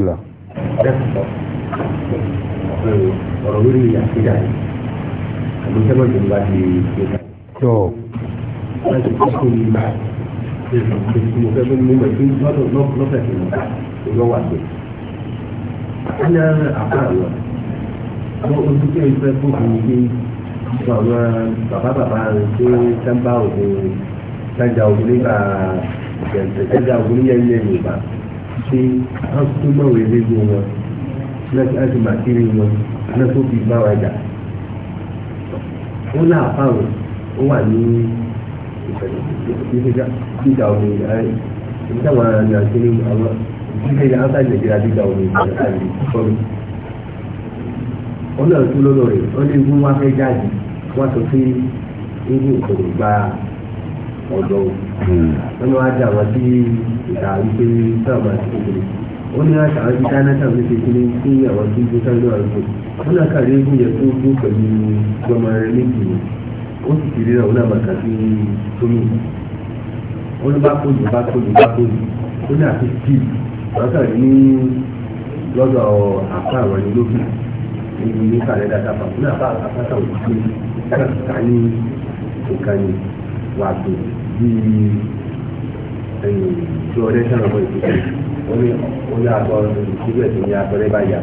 ọ̀rọ̀ lórí àṣírí àyè ní sẹ́gbọ́n tó bá ti ṣe ká. tó láti kókó ní bá mo fẹ́ fún mi mọ̀ pé lọ́dọ̀ lọ́fẹ̀ tó ń bá ló lọ́wọ́ àgbẹ̀. ní ara àbá àwọn àwọn olùkọ́ ìfẹ́ fún mi pé fún àwọn bàbá bàbá rẹ̀ tó sábà òun sájà òun nígbà sájà òun yẹn yẹn Yorùbá ṣe àwọn tó mọ̀wé lé wọn láti máa kiri wọn lọ́sọ̀ọ́ fi bá wa jà ó náà ó wà ní ìgbà omi ìgbà táwọn àti ìgbà ìyá áńtà nàìjíríà omi ìgbà ìyá fọ́ọ̀mù ó náà rẹ̀ ó ní ikú wá fẹ́ jáde wọ́n sọ pé irú ìkòrò gba ọ̀dọ́ wọn hmm. ni wọ́n sí ìdá wípé sábà ti kékeré ó ní àṣà àti dánáta ló ṣe kí ní sí àwọn tí ó sáré àrùkò ó náà kàrí egun yẹn tó gbó pẹ̀lú gbọmọ rẹ méjì ni ó sì ti ríra òun náà sí tómi ó ní bá kóyè bá kóyè bá ó ní àti steve bàtà ní lọ́dọ̀ àpá àwọn ẹni lókè níbi ní kàlẹ́ dáadáa pàtó náà bá àpáta òkú pé káàkiri ní ìkànnì wàtò bíi ẹ̀yìn tí ọdẹ sára mọ́ ìpínlẹ̀ ó ní aṣọ ìṣíbẹ̀ tó ní abẹ́rẹ́ báyà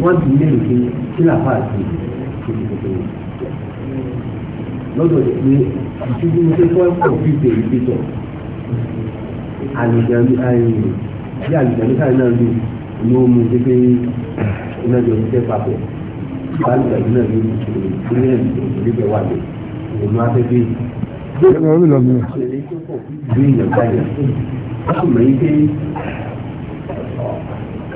wọ́n ti lé ìpín kí làpá àti ìṣèlú tuntun lọ́dọ̀ ní ìṣíbí ní pé fọ́ọ̀mù kọ̀ọ̀fíìsì èyí ti sọ àlùjáde àìrìn bí àlùjáde káyọ̀ náà lù ní ó mú pé iná jọ ṣiṣẹ́ papọ̀ àlùjáde náà lù ní ìṣèlú wà lẹ̀ ìlú afẹ́fẹ́ yìí. bí ìyàn báyà báwo mọ̀ pé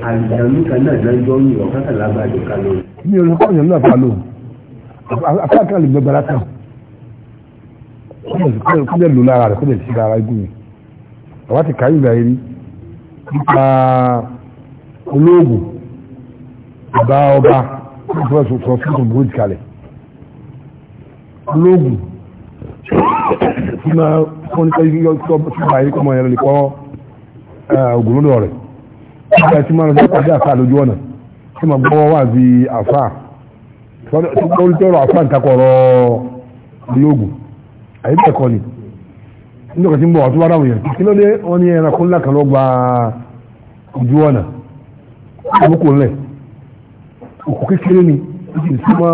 àjàmú kan náà náà jọ ń yọ kákàlá bá jọ ká lóyún. mi ò lọ kọ́ ọ̀yàn náà bá lò àkáàkà lè gbẹgbẹ látàn kó lè lò lára rẹ̀ kó lè sí ara igun mi àwa ti kàyí ìgbà yẹn nípa olóògùn ọba ọba fún ìfọwọ́sọ fún ìfọwọ́sọ bójì olóògùn tí máa fún ní sẹ́yìn yọ tó bá yẹ kọ́mọ yẹn lè kọ́ ògùn lọ́dọ̀ rẹ̀ nígbà tí máa lọ sí pàdé àfà lójú ọ̀nà tí máa gbọ́ wà sí àfà tí wọ́n tó rọ àfà nǹkan kọ̀ọ̀rọ̀ ilé ògùn àyíkẹ́ kọ́ ni nígbà tí ń bọ̀ wà tó bá dáhùn yẹn kí ló dé wọ́n ní ẹranko ńlá kan ló gba ojú ọ̀nà àbúkù ńlẹ̀ òkú kékeré ni ó sì súnmọ́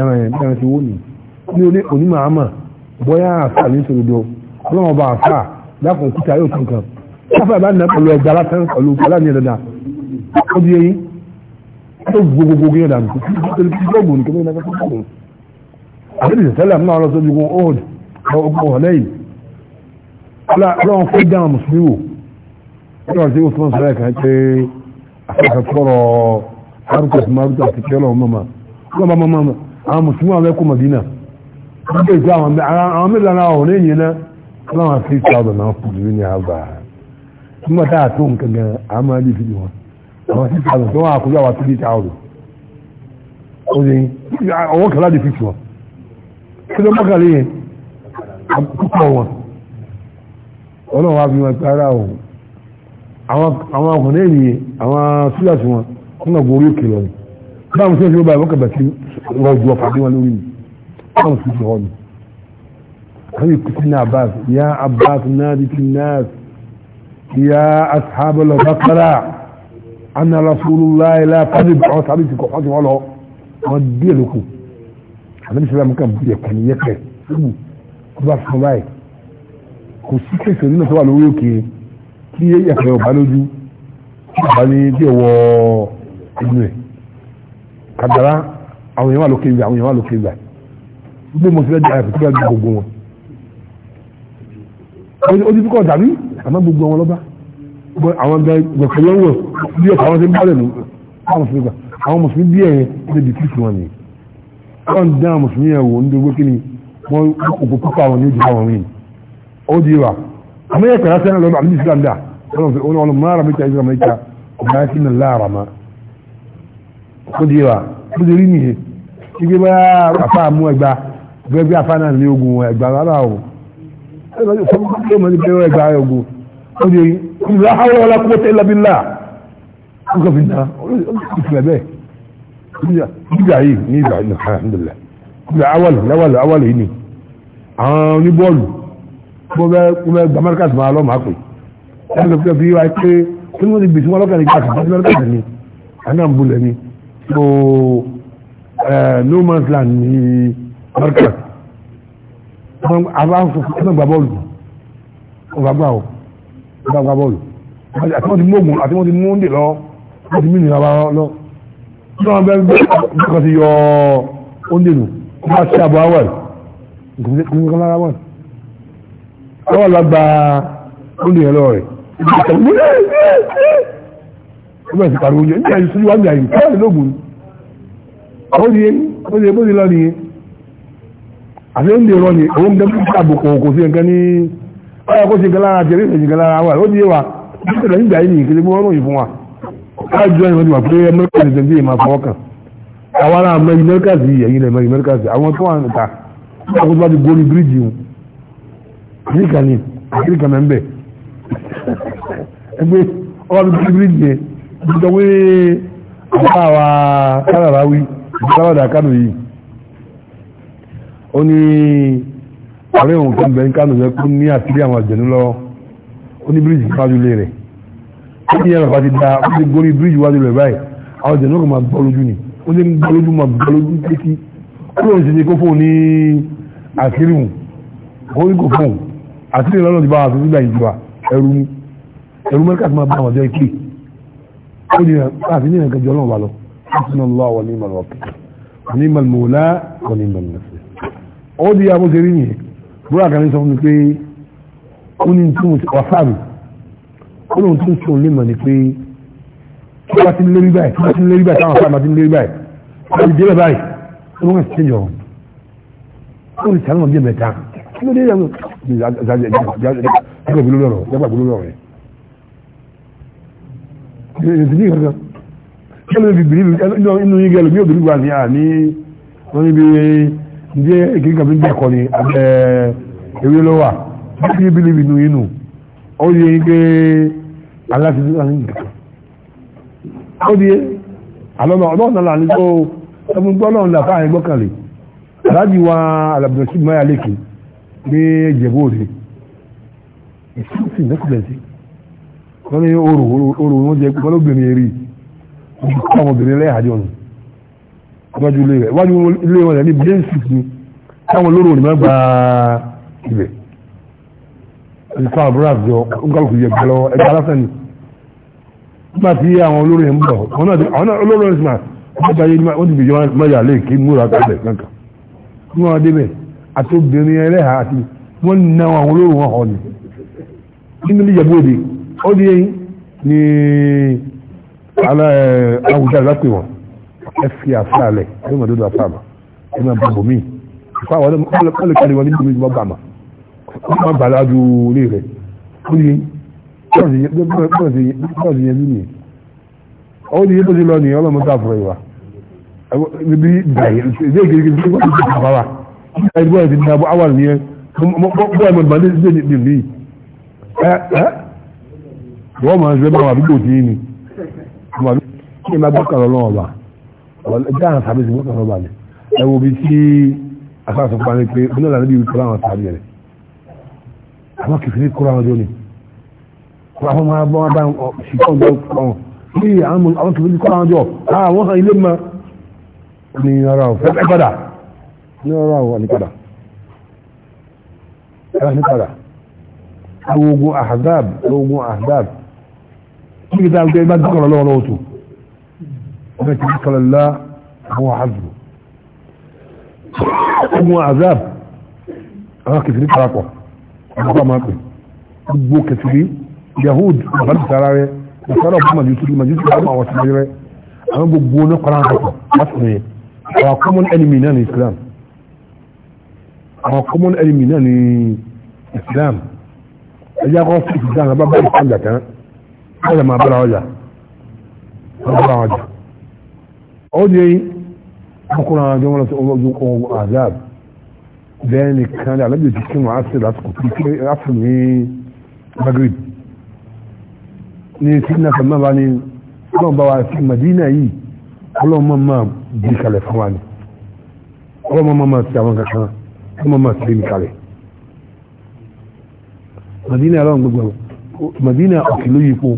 ẹran ẹ̀ ní onímọ̀ àmà bóyá àfà ní sòdodo ọlọ́run ọba àfà dákun kúta yóò kankan sáfà bá nà pẹ̀lú ẹja látàn pẹ̀lú pẹ̀lú àmì ẹ̀dàdà ó di eyín ó gbogbogbò yẹn dànù kí ló gbòòrò kí ló yẹn lọ́kọ́ tó gbòòrò àti ìṣẹ̀lẹ̀ mú àwọn ọlọ́sọ́jú gun old ọgbọ̀n ọ̀lẹ́yìn ọlọ́run fún dáhùn mùsùlùmí wò ọlọ́run tí ó fún ọ̀sán ẹ̀ka pé afẹ́fẹ́fọ́rọ̀ arúgbó fún arúgbó àti kí ọlọ́run mọ́mọ́ àwọn mùsùlùmí àwọn ẹ̀kọ́ mọ̀dínà wọ́n pè sí àwọn àwọn mẹ́lẹ̀ náà wọ́n ní ìyẹn náà láwọn fi sáàbọ̀ náà fún ìlú ní àbá nígbà tá a tó nǹkan gan a máa lè fi wọn àwọn sí sáàbọ̀ tó wọn àkójọ àwọn tíbi táwọn ó ní ọwọ́ kan láti fi tù wọn kí ló mọ́kà lè yẹn púpọ̀ wọn ọlọ́run wa fi wọn pé ara òun àwọn ọkùnrin ènìyàn àwọn sílẹ̀ tí wọn wọn kàn gorí òkè lọ ni báwọn sí ẹ̀sìn báyìí wọ́n kàn bẹ̀ sí wọ́n ju ọ̀fà bí wọn lórí mi kan su ji wani kai kusa na abbas ya abbas na jikin nas ya ashabu labakara ana rasulullah ila kadib a wasu abin ko kwasu wala wọn díẹ̀ lóko àbẹ́ni sọ́dọ̀ mú kàn bú yẹ kàn yẹ kẹ síbu kó bá fún báyìí kò sí kẹsàn nínú tó wà lórí òkè kí yẹ yẹ kẹ ọba lójú kí ọba ní bí ọwọ́ ẹnu ẹ kàdàrà àwọn yẹn wà lókè gbà àwọn yẹn wà lókè gbà. gbogbo mọ̀sílẹ̀ jẹ́ àyàfi tó bá gbogbo wọn ó ti fi kọ́ dàbí gbogbo wọn lọ́ba àwọn lọ́wọ́ bí ọ̀pọ̀ àwọn ń bá lẹ̀ àwọn mùsùlùmí bí ẹ̀yẹ lè di wọn ni wọ́n dá àwọn mùsùlùmí yẹn wò kí ni wọ́n púpọ̀ àwọn ní ó di wa àmọ́ yẹ gbẹgbẹ afáàná ní ogun ẹgbà rárá o ẹgbẹ́ mọ̀ ní bẹ́ẹ̀ ẹgbà ogun ó di ìlú àwọn ọlá kó tẹ́ lábílà ọgọ́ fi dá ìfẹ́ bẹ́ẹ̀ nígbà yìí ní ìgbà yìí alhamdulillah nígbà awọ́lù lẹ́wọ́lù awọ́lù yìí ni àwọn oníbọ́ọ̀lù bó bẹ́ẹ̀ gba mẹ́ríkà tó máa lọ́ máa pè ẹgbẹ́ fi fi wáyé pé kí wọ́n ti gbèsè wọn lọ́kàn ní gbàtà bá mẹ́ríkà ní àná ń bulẹ̀ ní so no man's land ní markas àwọn gbà bọ́ọ̀lù ọgbà gbà ọ̀ ọgbà gbà bọ́ọ̀lù àti wọ́n ti mú ogun àti wọ́n ti mú ń dè lọ wọ́n ti mú ìnira wa lọ tí wọ́n bẹ́ẹ̀ bẹ́ẹ̀ kan ti yọ ó ń dè nù wọ́n bá ṣe àbọ̀ awọ́ẹ̀ nǹkan àti ń dèrò ni òun ń dẹ́kun sí àbùkù kò sí nǹkan ní ọ̀yà kó sí nǹkan lára jẹ́rí ìṣẹ̀jì nǹkan lára wa ó di wa ìṣẹ̀lẹ̀ nígbà yìí nìyí kiri mọ́ ọ̀rọ̀ yìí fún wa láàjọ ìwọ̀n ti wà pé amẹ́ríkà ti tẹ̀lé ìmọ̀ àfọwọ́ kan àwọn ará amẹ́ amẹ́ríkà sí ẹ̀yìn ilẹ̀ amẹ́ríkà sí àwọn tó wà níta wọ́n kó tó bá ti gorí bíríìjì wọn àfíríkà ni àfíríkà mẹ́ńbẹ̀ ẹgbẹ́ ọba bí gorí bíríìjì yẹn nítorí àwọn àwa káràrá wí ìtàwádà kánò yìí ó ní ọ̀rẹ́ òun kan bẹ̀rẹ̀ kánò rẹ̀ kú ní àtìrí àwọn àjẹ̀nú lọ ó ní bíríjì kájú lé rẹ̀ ó ní ẹ̀rọ àti da ó ti gorí bíríjì wájú rẹ̀ báyìí àwọn àjẹ̀nú kan máa gbọ́ lójú ni ó ní gbọ́ lójú máa gbọ́ lójú títí ó lóun ṣe ṣe kó fóun ní àtìrí hùn ó ní kò fóun àtìrí lọ́nà ti bá wa àtìrí gbà ìjọba ẹrú ni ẹrú mẹ́ríkà ti máa bá àwọn àjọ ìkí ó di abóṣeré nìyẹn búrọ̀ àkàrí sọ fún mi pé ó ní tí mo ti ọ̀fà mi ó lóun tó ń sọ lè mọ̀ ni pé kí wá sí ń lérí báyìí kí wá sí ń lérí báyìí táwọn afáàmà ti ń lérí báyìí kí wá sí délẹ̀ báyìí ó lóun ti jọ ó ní sàánù ọ̀bí ẹ̀mẹ̀ta kí ló dé ìyàwó ẹgbẹ́ gbóló lọ́rọ̀ ẹgbẹ́ gbóló lọ́rọ̀ ẹ̀ ìrètí kankan kí ló fi bìrì inú yín gẹ́lò bí òbí gbà ní àní wọ́n níbi ǹjẹ́ ìgbéga bí ń ni abẹ́ ewé ló wà bí bí níbi inú inú ó yẹ di n'ala ni láàrin tó ẹmú gbọ́lọ́ọ̀nà làfà àyẹ̀ gbọ́kànlé aláàjì wa alàbùdọ̀sí máyà lẹ́kì ní ìjẹ̀bú òde ìsúnsì lẹ́sìlẹ̀sì wọ́n ní oru wọn jẹ́ gbọ́lọ́gbìnrin iwájú ilé rẹ̀ iwájú ilé wọn rẹ̀ ní basic ni táwọn olóró òní máa gba ibẹ̀ ìfà àbúrò àjọ nkàlùkù yẹ gbẹlọ ẹgbẹ alásán ni nígbà tí àwọn olóró yẹn ń bọ̀ àwọn náà olóró yẹn sì máa wọ́n gba yé wọ́n ti bèjọ́ máa yà lé kí múra kálẹ̀ kankan ní wọn débẹ̀ àti obìnrin ẹlẹ́hà àti wọ́n na àwọn olóró wọn hàn ní nínú ìjẹ̀bú òde ó di yẹn ní alẹ́ àwùjá ìlápè wọn ẹ fi àfáà lẹ̀ ẹ má dodo àfáà mà ẹ má bọ̀ mí ìfá àwọn ọlọ́ kárí wọn níbi ìgbà gbàmà wọ́n má bàlá ju orí rẹ̀ ó ní bọ́ọ̀sì yẹn bí nìyẹn ọwọ́ ni yẹn tó ti lọ nìyẹn ọlọ́mọ tó àfọ̀rọ̀ ìwà níbi báyìí ilé ìgbèrè tó wọ́n ti dàbà wà nígbà ìbú ẹ̀ ti dàbọ̀ àwọn nìyẹn bọ́ọ̀ ẹ̀mọ̀ ìbàdí ṣe ní ìlú yìí wọ́n máa ń ṣe bá wà bí kò tí ì ní kí ẹ má gbọ́kànlọ́ lọ́wọ́ bá dáhùn tàbí sí mọ́tò ọ̀rọ̀ balẹ̀ ẹ wo bí tí asáàsọ pa ni pé oní ọ̀là níbi ìkọ́lá àwọn tàbí rẹ̀ àwọn kìfì ní kúrò àwọn jóni kúrò àwọn máa bọ́ dá ṣìkọ́n jọ kọ́ ní àwọn kìfì ní kúrò àwọn jọ àwọn hàn ilé mọ́ ní ọ̀rọ̀ ọ̀fẹ́ ẹ padà ní ọ̀rọ̀ ọ̀wọ̀ ní padà ẹ ní padà àwọn ogun ahzab ogun ahzab kí ni táwọn gbé bá dúkọ̀ lọ́wọ́ lọ́wọ́ tó ما توكل الله هو حظه هو عذاب أنا كثيرين حرقوا أنا ما قل ابو كثيرين يهود غرب سراوي وصاروا بمجوس المجوس العلماء والسمجرة انا بقونا قرآن حقا اصلي وقوم الانمينا الاسلام وقوم الانمينا الاسلام اجا غوصي في الزانة بابا الاسلام لك هذا ما بلا وجه ما بلا وجه ó di ọkùnrin àwọn jọmọlọ sí ọgbọgbọ ohun azab bẹ́ẹ̀ nìkan alábìyẹ ti kí wọn asè lásìkò pé asè ní magrib ní sinna sàmà bá ní ọlọ́run bá wa sí madina yìí ọlọ́run máa máa di kalẹ̀ fún wa ni ọlọ́run máa máa sí àwọn kankan ọlọ́run máa sí mi kalẹ̀ madina ọlọ́run gbogbo madina ọ̀kìlóyìí po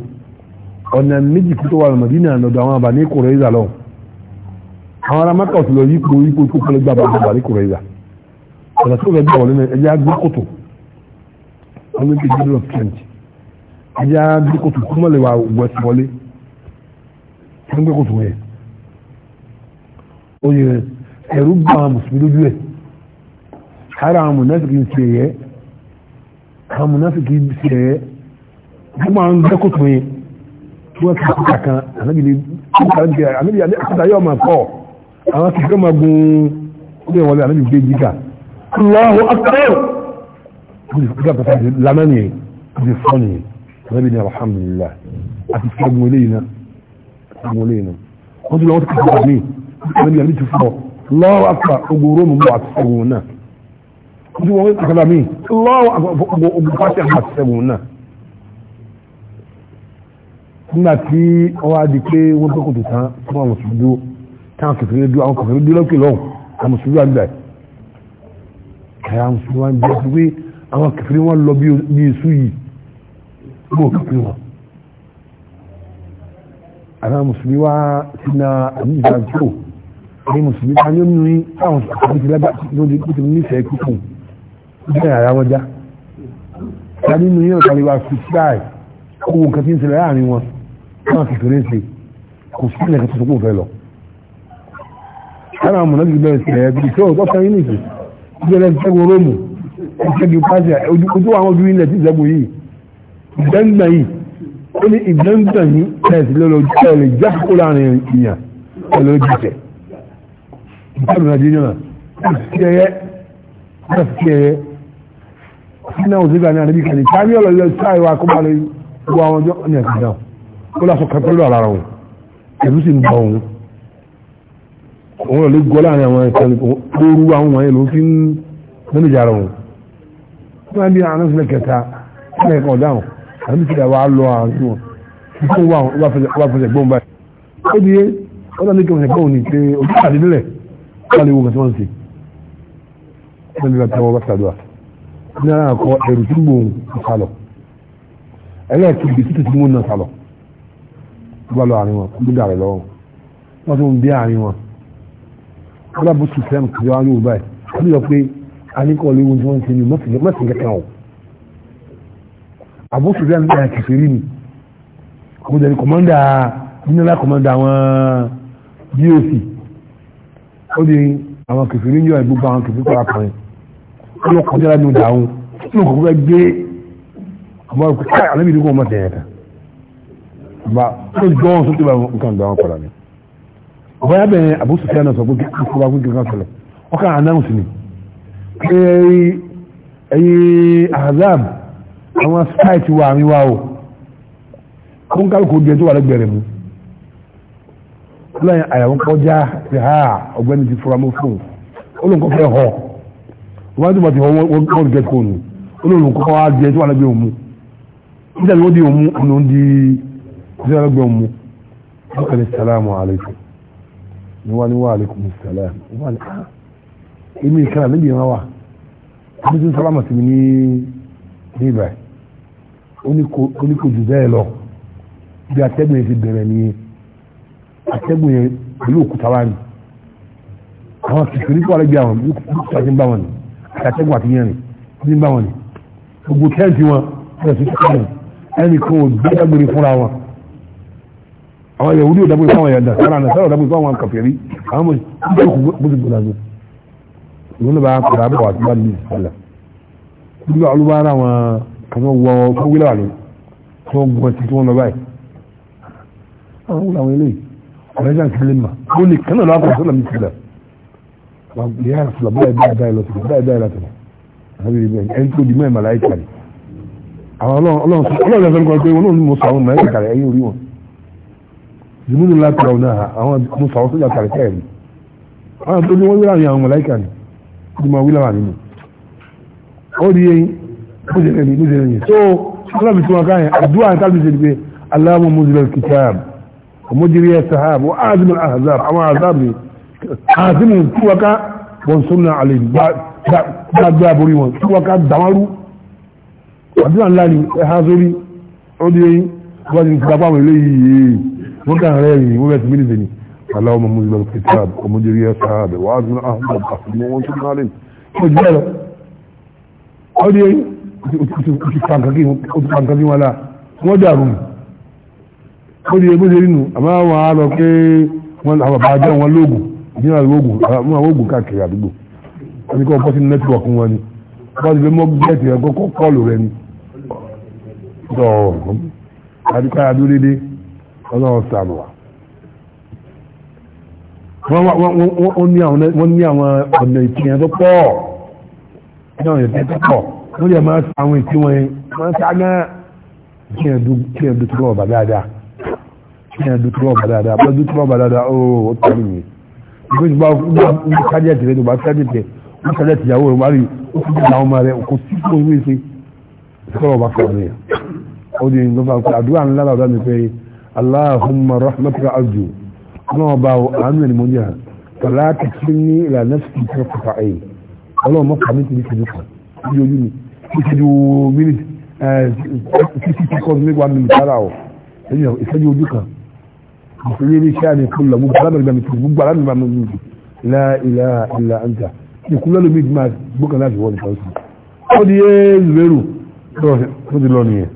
ọ̀nà méjì kútó wà madina lọ́dọ̀ àwọn àbáníkò rẹ̀ ìzàlọ́run àwọn ará mẹ́ta ọ̀sùn lọ yípo yípo tó kọ́ lọ́gbà bàbá bàbá kò rẹ̀ yà ọ̀nà tó lọ́gbà wọlé náà ẹ̀yà gbé kòtò olympic middle of trent ẹ̀yà gbé kòtò kó mọ̀ lè wà wẹ̀sì wọlé ẹ̀ ń gbé kòtò yẹn oyè ẹ̀rú gbà àwọn mùsùlùmí lójú ẹ̀ ara àwọn mùnáfìkì ń ṣe ẹ̀yẹ àwọn mùnáfìkì ń ṣe ẹ̀yẹ gbogbo àwọn gbé kòtò yẹn wọ́n ti kàkan ànábìlì àwọn ti fẹ́ magun ilé ìwọlé ànábì gbé jíga Allahu akbar gbígbà pẹ̀lú àti lánà ni àti fọ́ ni ànábì ní alhamdulillah àti fẹ́gun ilé iná fẹ́gun ilé iná wọ́n ti lọ wọ́n ti kàkọ́ àmì ànábì àti ti fọ́ Allahu akbar ogun rómù bọ̀ àti fẹ́gun náà wọ́n ti wọ́n ti kàkọ́ àmì Allahu akbar ogun pàṣẹ àti fẹ́gun náà nígbà tí wọ́n wá di pé wọ́n tó kò tó tán fún àwọn táwọn kẹfìrí dúró àwọn kẹfìrí dúró lókè lọ́hùn àwọn mùsùlùmí àgbà kàrà mùsùlùmí wọn bí wọn pé àwọn kẹfìrí wọn lọ bí èṣù yìí wọn kẹfìrí wọn àwọn mùsùlùmí wa ti na àmìjà jò ní mùsùlùmí ta ni ó nu yín táwọn kẹfìrí ti lágbà tí wọn ti nífẹ̀ẹ́ kíkùn bẹ́ẹ̀ ara wọn já ta nínú yín ọ̀tàlẹ́ wa fi ṣáì owó nǹkan tí ń ṣẹlẹ̀ láàrin wọn táwọn kẹfìrí ń ṣe kò sí ilẹ̀ kan tó sọ pé òun fẹ́ lọ kana munafiki bẹ́ẹ̀ sí ẹ̀yẹ́ bíi tó ọ̀tọ́ yín nìkì ìjọba ìṣẹ́gun róòmù ìṣẹ́gun pàṣẹ ojú àwọn ojú ilẹ̀ tí ìṣẹ́gun yìí ìgbẹ́ngbẹ̀ yìí ó ní ìgbẹ́ngbẹ̀ yìí tẹ̀sí lọ́lọ́ ọ̀lẹ̀ jákòó láàrin ìyàn ọ̀lẹ̀ ojú tẹ̀ ìjọba nàìjíríà náà sí ẹ̀yẹ́ náà sí ẹ̀yẹ́ sínú àwọn òṣèlú àná níbi kan ní káàmì ọ̀lọ́lẹ̀ sáàyẹ̀wò akọ́bàlẹ̀ gbọ́ àwọn ọjọ́ òun lọ lé gọ́ láàrin àwọn ìkànnì lóru àwọn wọ̀nyí ló fi ń mẹ́nu jàrọ̀ wọn tí wọ́n bí àwọn sílẹ̀ kẹta sílẹ̀ kan dáhùn àbí ti dàwọ̀ á lọ àwọn tí wọ́n fi kó wà wọ́n fẹsẹ̀ gbọ́n báyìí ó di wọ́n náà ní kí wọ́n fẹsẹ̀ gbọ́n ní pé ojú àti nílẹ̀ wọ́n lè wo wọ́n tún bí àárín wọn alábò tí islam kiri wa yóò báyìí wọ́n lọ pé alikọ́ léwu tí wọ́n ń sẹ́yìn mọ́sìn kẹta o àbò sudan ní àyà kẹfẹ́rí ni kò dẹ̀ ní kọ́mọ́ndà nínú kọ́mọ́ndà wọn doc ó di àwọn kẹfẹ́rí yóò gbogbo àwọn kẹfẹ́rí kọ́ra kan ó lọ kọjá lánàá dàrún ó lọ kọ́kọ́ gbé àwọn ọkọ̀ káyà alábìrì kọ́ ọmọ tẹ̀yẹ̀ kan ba ó jọ́ wọn bá nǹkan gbà wọn kọ́ra ni ọ̀gá yàbẹ̀ Abu Sufyan sọ pé kí wọ́n gbé kankan sọlẹ̀ ọkà anáwùsì ni ẹ̀yìn Ahzab àwọn sáìtì wà ní wa o kó ń kálukú di ẹjọ́ wà lẹ́gbẹ̀rẹ̀ mu lẹ́yìn àyàwó kọjá ti ha ọgbẹ́ni ti fura mọ́ fún un olùkọ́ fẹ́ họ wọ́n ti bọ̀ ti họ wọ́n gẹ̀ kó nù olùkọ́ wa di ẹjọ́ wà lẹ́gbẹ̀rẹ̀ mu nígbà tí wọ́n di òmu ọ̀nà ń di ẹjọ́ wà lẹ́gbẹ̀rẹ̀ mu ọkọ̀ ni salamu alaykum ni wọ́n ní wa alaikum salam wọ́n ní ah èmi ìkàrà níbi ìran wa àbí tí ń sálámà sí mi ní ní ibà ó ní kò jù bẹ́ẹ̀ lọ bí atẹ́gùn yẹn ti bẹ̀rẹ̀ nìyẹn atẹ́gùn yẹn pẹ̀lú òkúta wa ni àwọn kìkìrì kọ́ ọ̀rẹ́ bí àwọn òkúta ti ń bá wọn ni àti atẹ́gùn àti yẹn ni ti ń bá wọn ni gbogbo tẹ́ǹtì wọn ẹ̀sìn tẹ́ǹtì ẹnì fúnra wọn àwọn yahudi ò dábòye fáwọn yàda sára nà sára ò dábòye fáwọn kàfẹ́rí àwọn mo ti kú bó ti gbọdọ̀ ìwọ ní bá kọ̀dà bọ̀ wá sí bá ní ìsọ̀lá bí wà olúwa ara wọn kàmọ́ wọ fún wílà ní tó gbọ́ ti tí wọ́n lọ báyìí àwọn wúlò àwọn eléyìí ọ̀rẹ́ jà ń sílé mà ó lè kánà lọ́wọ́ àpò sọ́lá mi sílẹ̀ àwọn ìyá àṣìlá báyìí báyìí lọ sílẹ̀ báyìí báyìí ẹni tó di mọ́ ẹ̀ màláyìí kàlẹ̀ àwọn ọlọ́run ọlọ́run sọ pé wọn ò ní mo sọ àwọn màláyìí kàlẹ̀ ẹ̀yìn orí wọn jùmúlù láti ọ̀hún náà àwọn musa ọ̀sọ́ ìjà tàrí kẹ́ẹ̀rì àwọn tó ní wọ́n wíra àwọn mọ̀láìkà ni ní ma wíra wà nínú ó di yẹn ó jẹ́ ẹni ló jẹ́ ẹni so alábi tí wọn ká yẹn àdúrà ní tábìlì ṣe pé aláwọ̀ mọ́sílẹ̀ kìtàb ọmọdérí ẹ̀ sahab ó azimu ahazab àwọn ahazab ni azimu tíwaka wọn sọ́nà àlè gbàgbà borí wọn tíwaka dàmárú wọn eléyìí wọ́n kàn rẹ̀ yìí wọ́n bẹ̀ sí mílíọ̀nù ni aláwọ̀ mọ̀ mọ́jú lọ́dún kìtàb ọmọdérí ẹ̀ sáábẹ̀ wàá zun ahmed àfihàn wọn tún náà lè kó jù bẹ́ẹ̀ lọ. ó di oṣù pàǹkàkì wọn la wọ́n dàrú mu ó di ebó dérí nu àmọ́ àwọn àlọ́ pé wọ́n àwọn bàbá àjọ wọn lóògùn ní àwọn oògùn àwọn oògùn káàkiri àdúgbò wọ́n ní kí wọ́n bọ́ wọn ni wọ́n ti fẹ́ mọ́ bẹ́ẹ̀tì rẹ̀ kọ́ kọ́ọ̀lù rẹ̀ ni. àdúgbò àdúró déédéé ọlọ́wọ́ sànù wa wọ́n ní àwọn ọ̀nà ìtìyàn tó pọ̀ ní ọ̀nà ìtìyàn tó pọ̀ wọ́n lè máa àwọn ìtì wọn máa sáná kí ẹ̀dù tó rọ̀bà dáadáa kí ẹ̀dù tó rọ̀bà dáadáa bọ́dù tó rọ̀bà dáadáa ooo ó tẹ̀lé mi ìgbé ìgbà ń kájẹ̀tì rẹ̀ nígbà kájẹ̀tì ń kájẹ̀tì ìyàwó rẹ̀ wárí ó rẹ̀ kò ó di اللهم رحمتك أرجو أنا أباو أنا المنيا فلا تكفلني إلى نفسي طرفة عين ولو ما فهمت لي كذبك يجوني يجو مينيت سيسي تكوز ميقو عن المتالعو يجو جوك مسلمي شاني كل مبالغ مبالغ مبالغ لا إله إلا أنت يقول له ميت ما بوك ناس هو اللي ó di é lérò tó ti lọ nìyẹn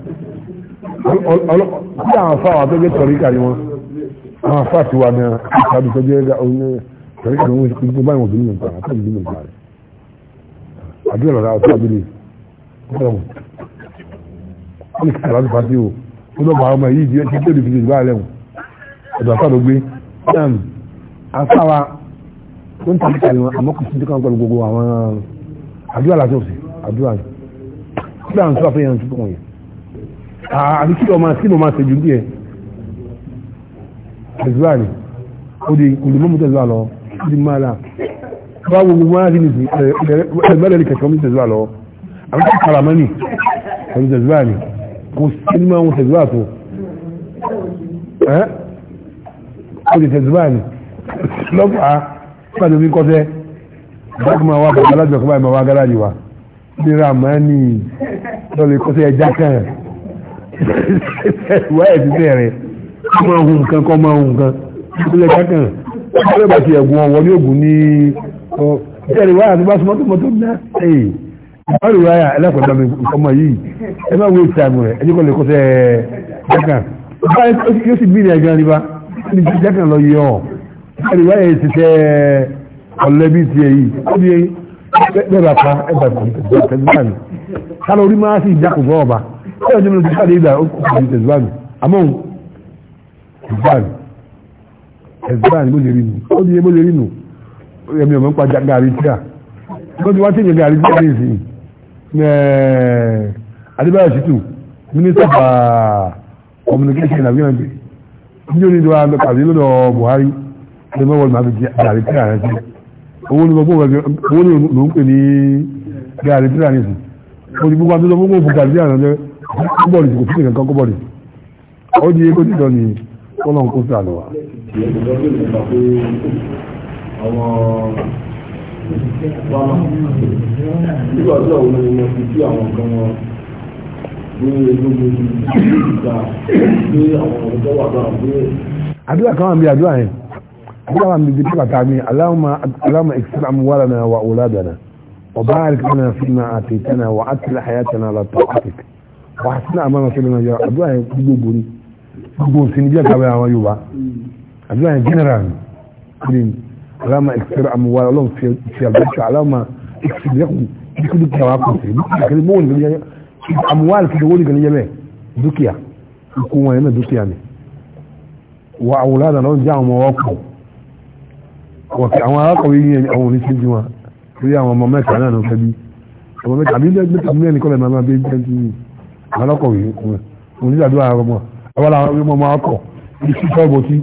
bí àwọn afá wa gbẹgbẹ tọríkà ni wọn àwọn afá ti wà ní ìsàbí sọjọ ẹgbẹ ọhún tọríkà ni wọn ti gbogbo báyìí wọn bí nínú nǹkan àti ìdí nǹkan rẹ àdúrà lọ́la ọ̀tún abílẹ̀ ọ̀hún wọn kì í sàlá nípa sí o wọn lọ́ọ́ bá ọmọ yìí di ẹtí tó di fi ìgbà lẹ́wọ̀n ọ̀dọ̀ afá ló gbé yàn afá wa wọn tàbíkà ni wọn àmọ́ kò sí dúkà pẹ̀lú gbogbo àwọn àdúrà làtọ̀ sí àdúrà ni kí Ah, àbí kí ọmọ kí ọmọ ṣe jù ní ẹ̀ ẹ̀zúwà ni ó di kò lè mọ́ mú tẹ̀zúwà lọ ó di máa là bá wo gbogbo máa rí ní sí ẹgbẹ́rẹ́ ní kẹ̀kẹ́ mú tẹ̀zúwà lọ àbí kí kàràmọ́ ni ẹ̀rù tẹ̀zúwà ni kò sí ní máa mú tẹ̀zúwà tó ẹ́ ó di tẹ̀zúwà ni lọ́pàá pàdé omi kọ́tẹ́ bá kí máa wá bàbá alájọ kọ́ báyìí máa wá gáràjì wa bí ra máa ní lọ́lẹ̀ kọ́tẹ́ ẹja kan ìwà ẹ̀ ti bẹ̀rẹ̀ kọ́ máa hun nǹkan kọ́ máa hun nǹkan ìpínlẹ̀ kákan ìpínlẹ̀ bá ti ẹ̀gùn ọ̀wọ́ ní ògùn ní ọ̀ ìtẹ̀rẹ̀ wáyà tó bá súnmọ́ tó mọ́ tó ná ẹ̀yìn ìpárí wáyà ẹlẹ́kọ̀ọ́dọ́ mi ọmọ yìí ẹ má wé ìtààmù rẹ̀ ẹjẹ́ kọ́ lè kọ́ sẹ́ jákàn lọ yẹ ọ̀ ìpárí wáyà bá kọ́lá jẹ́ mọ́lẹ̀ jihad ìgbà ọkùnrin tẹ̀síwájú àmọ́ ẹ̀sìbáàni ẹ̀sìbáàni bó lè rí nù ó di yẹ bó lè rí nù ẹ̀mí ọ̀mọ́ ń pa gàrí tíra bó ti wá tẹ̀yẹ gàrí tíra uh, ní ìsìn Adébáyọ̀ Ṣítù mínísítà fà communication àbíyàn pé ní onídìí wa kàbí lọ́dọ̀ Buhari ẹni mọ́wọ́ ni màá fi gàrí tíra rẹ̀ sí owó ni ló ń pè ní gàrí tíra ní ìsìn mo ti gbogbo àti sọ fún gàrí tíra rẹ̀ kọ́bọ̀lì kò sí nìkan kọ́bọ̀lì ó di egbò títọ́ ni kọ́lọ̀ ń kó sí àlùwà. nígbà tí àwọn ọmọ ti tí àwọn kan wọn ní egungun ti gbà pé wà bá wà bí àdúrà yẹn àdúrà wà bí pípa ta náà wà ọ̀làdàna وبارك لنا فيما آتيتنا وأتل حياتنا على طاعتك wà sí náà máa ń sọ lọ́nà yọ àdúrà yẹn gbogbo ni gbogbo sí ni bí àkàwé àwọn yorùbá àdúrà yẹn general ni alama ìṣẹ́rọ àmúwá ọlọ́run fi àgbẹ̀ṣọ alama ìṣẹ́lẹ̀kùn kíkú dúkìá wa kò sí dúkìá kiri mọ́wọ́n nìkan yẹn àmúwá kiri wọ́n nìkan yẹn bẹ́ẹ̀ dúkìá ikú wọn yẹn bẹ́ẹ̀ dúkìá ni wà àwòrán àdàlọ́ ń jẹ́ àwọn ọmọ ọkọ̀ wọ̀kẹ́ àwọn arákọ̀wé yẹn àwọn oníṣẹ́ bí wọn lórí àwọn ọmọ mẹ́ta náà ló fẹ́ bí ọmọ mẹ́ta àbí mẹ́ta mẹ́rin kọ́lẹ̀ a alọ́kọ̀wé onídàdúrà ọmọ àwọn àwọn ọmọ akọ̀ ní sísọ́ ìbò tí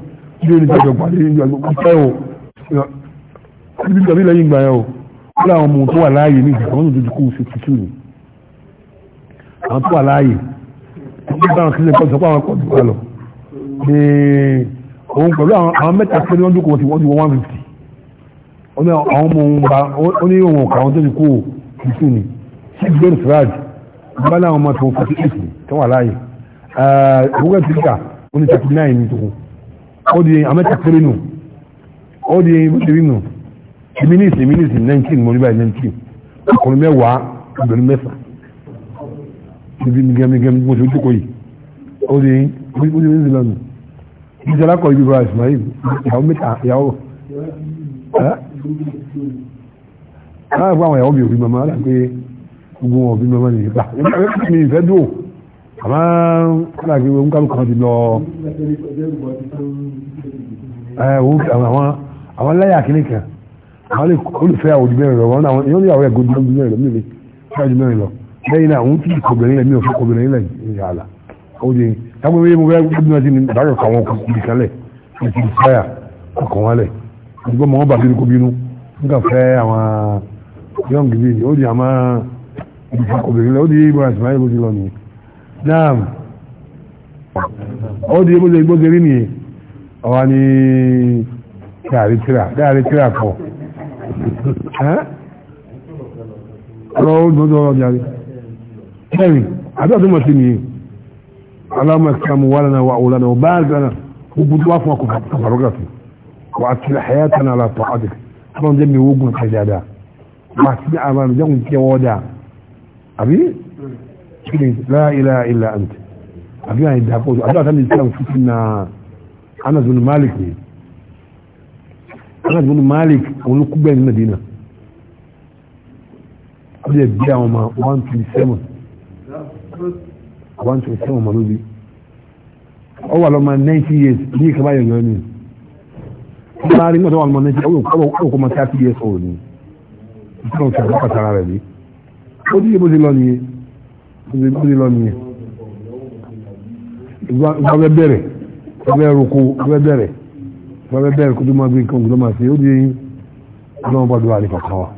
bí ó ní tẹ́jọ pàdé ní ọjọ́ pẹ́ o níbi tọ́bí lẹ́yìn ìgbà yẹn o ó láwọn ọmọ tó wà láàyè ní ìgbà wọn tó ti kú sí tuntun ni àwọn tó wà láàyè ní báwọn kìí lẹ́kọ́ sọ́kọ́ àwọn akọ̀dù wà lọ òun pẹ̀lú àwọn mẹ́ta pé wọ́n dúkọ̀ wọ́n ti wọ́n one fifty ó ní àwọn ọmọ òun ba ó ní òun ọ̀kà àwọn tó ti kú tuntun ni six days ride bala wọn mọtò forty eight tó wà láàyè àbúgbà tí ká ó ní thirty nine tó ó di amẹ́ta péré nù ó di péré nù ìmínísì ìmínísì nineteen mo ní báyìí nineteen ọkùnrin mẹ́wàá obìnrin mẹ́fà níbi gẹ́gẹ́gẹ́ mo ti ojú kò yìí ó di ó di ní ìlànà ìjọba kọ ibi bra Ismail ìyàwó mẹ́ta ìyàwó ẹ ẹ àwọn ìyàwó mi ò rí màmá rà gbogbo wọn òbí mi ọmọ nìyí gbà mi ìfẹ́ dùn àmọ́ kọ́lá kí wọ́n kálù kan ti lọ. àwọn lẹ́yà kìíní kan àwọn olùfẹ́ àwọn òdìbẹ́ rẹ̀ wọ́n náà yóò ní àwọn ẹ̀gọ́ òdìbẹ́ rẹ̀ mílẹ̀ ṣáàjùmọ́ rẹ̀ lọ lẹ́yìn náà òun ti kọ̀bìnrin lẹ̀ mí ò fún kọ̀bìnrin lẹ̀ ìyàlá òde táwọn ẹgbẹ́ mo fẹ́ gbọ́dọ̀ sí ni ìdájọ́ kan wọn kò kúbi kalẹ̀ ìtì ìsáyà ọkàn wọn lẹ̀ ìdúgbò mọ́ wọn bàbí ní kó bínú nígbà fẹ́ àwọn yọ̀ǹgì bíi ó di àwọn obìnrin lọ ó di yé ibùdó àti báyìí bó ti lọ nìyẹn náà ó di yé bó ti gbó gerí nìyẹn ọwọ́ ni dáàrí tíra dáàrí tíra pọ̀ ọ̀rọ̀ ó dọ́dọ̀ ọ̀rọ̀ jáde kẹrin àti ọ̀tún mọ̀ sí nìyẹn aláwọ̀ ẹ̀kàmù wà lánàá wà òun lánàá bá gánà gbogbo tó wà fún ọkọ̀ kàfàrógàfì wà á tilẹ̀ hayátà náà látọ̀ àdìr àwọn jẹ́ mi wógun àti dáadáa wà á tilẹ̀ àwọn jẹ́ kí wọ́n dáa àbí la ilaha illa anta àbí àyìn dàpọ̀ àbí àtàlẹ̀ islam fífi na anas bin malik ni anas bin malik àwọn olùkúgbẹ́ ní madina àbí ẹbí àwọn ọmọ one twenty seven one twenty seven ọmọ lóbi ọ wà lọ́mọ ninety years ní ìkàbá yọ̀yọ̀ ni wọ́n máa rí nígbà tó wà lọ́mọ ninety ọwọ́ kọ́ ọmọ thirty years old ni ìtàn òṣèlú pàtàkì rẹ̀ ni ó ní ìbò ti lọ nìyẹn ìbò ti lọ nìyẹn ìgbà bẹ bẹ̀rẹ̀ ìgbà bẹ roko ìgbà bẹ bẹ̀rẹ̀ ìgbà bẹ bẹ̀rẹ̀ kó tó máa gbé nǹkan kó tó máa ṣe ó di eyín bá dúró àlefà kan wa.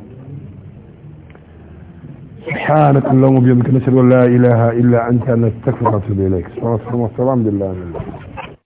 سبحانك اللهم وبحمدك نشهد ان لا اله الا انت نستغفرك ونتوب اليك سبحانك اللهم وسلام بالله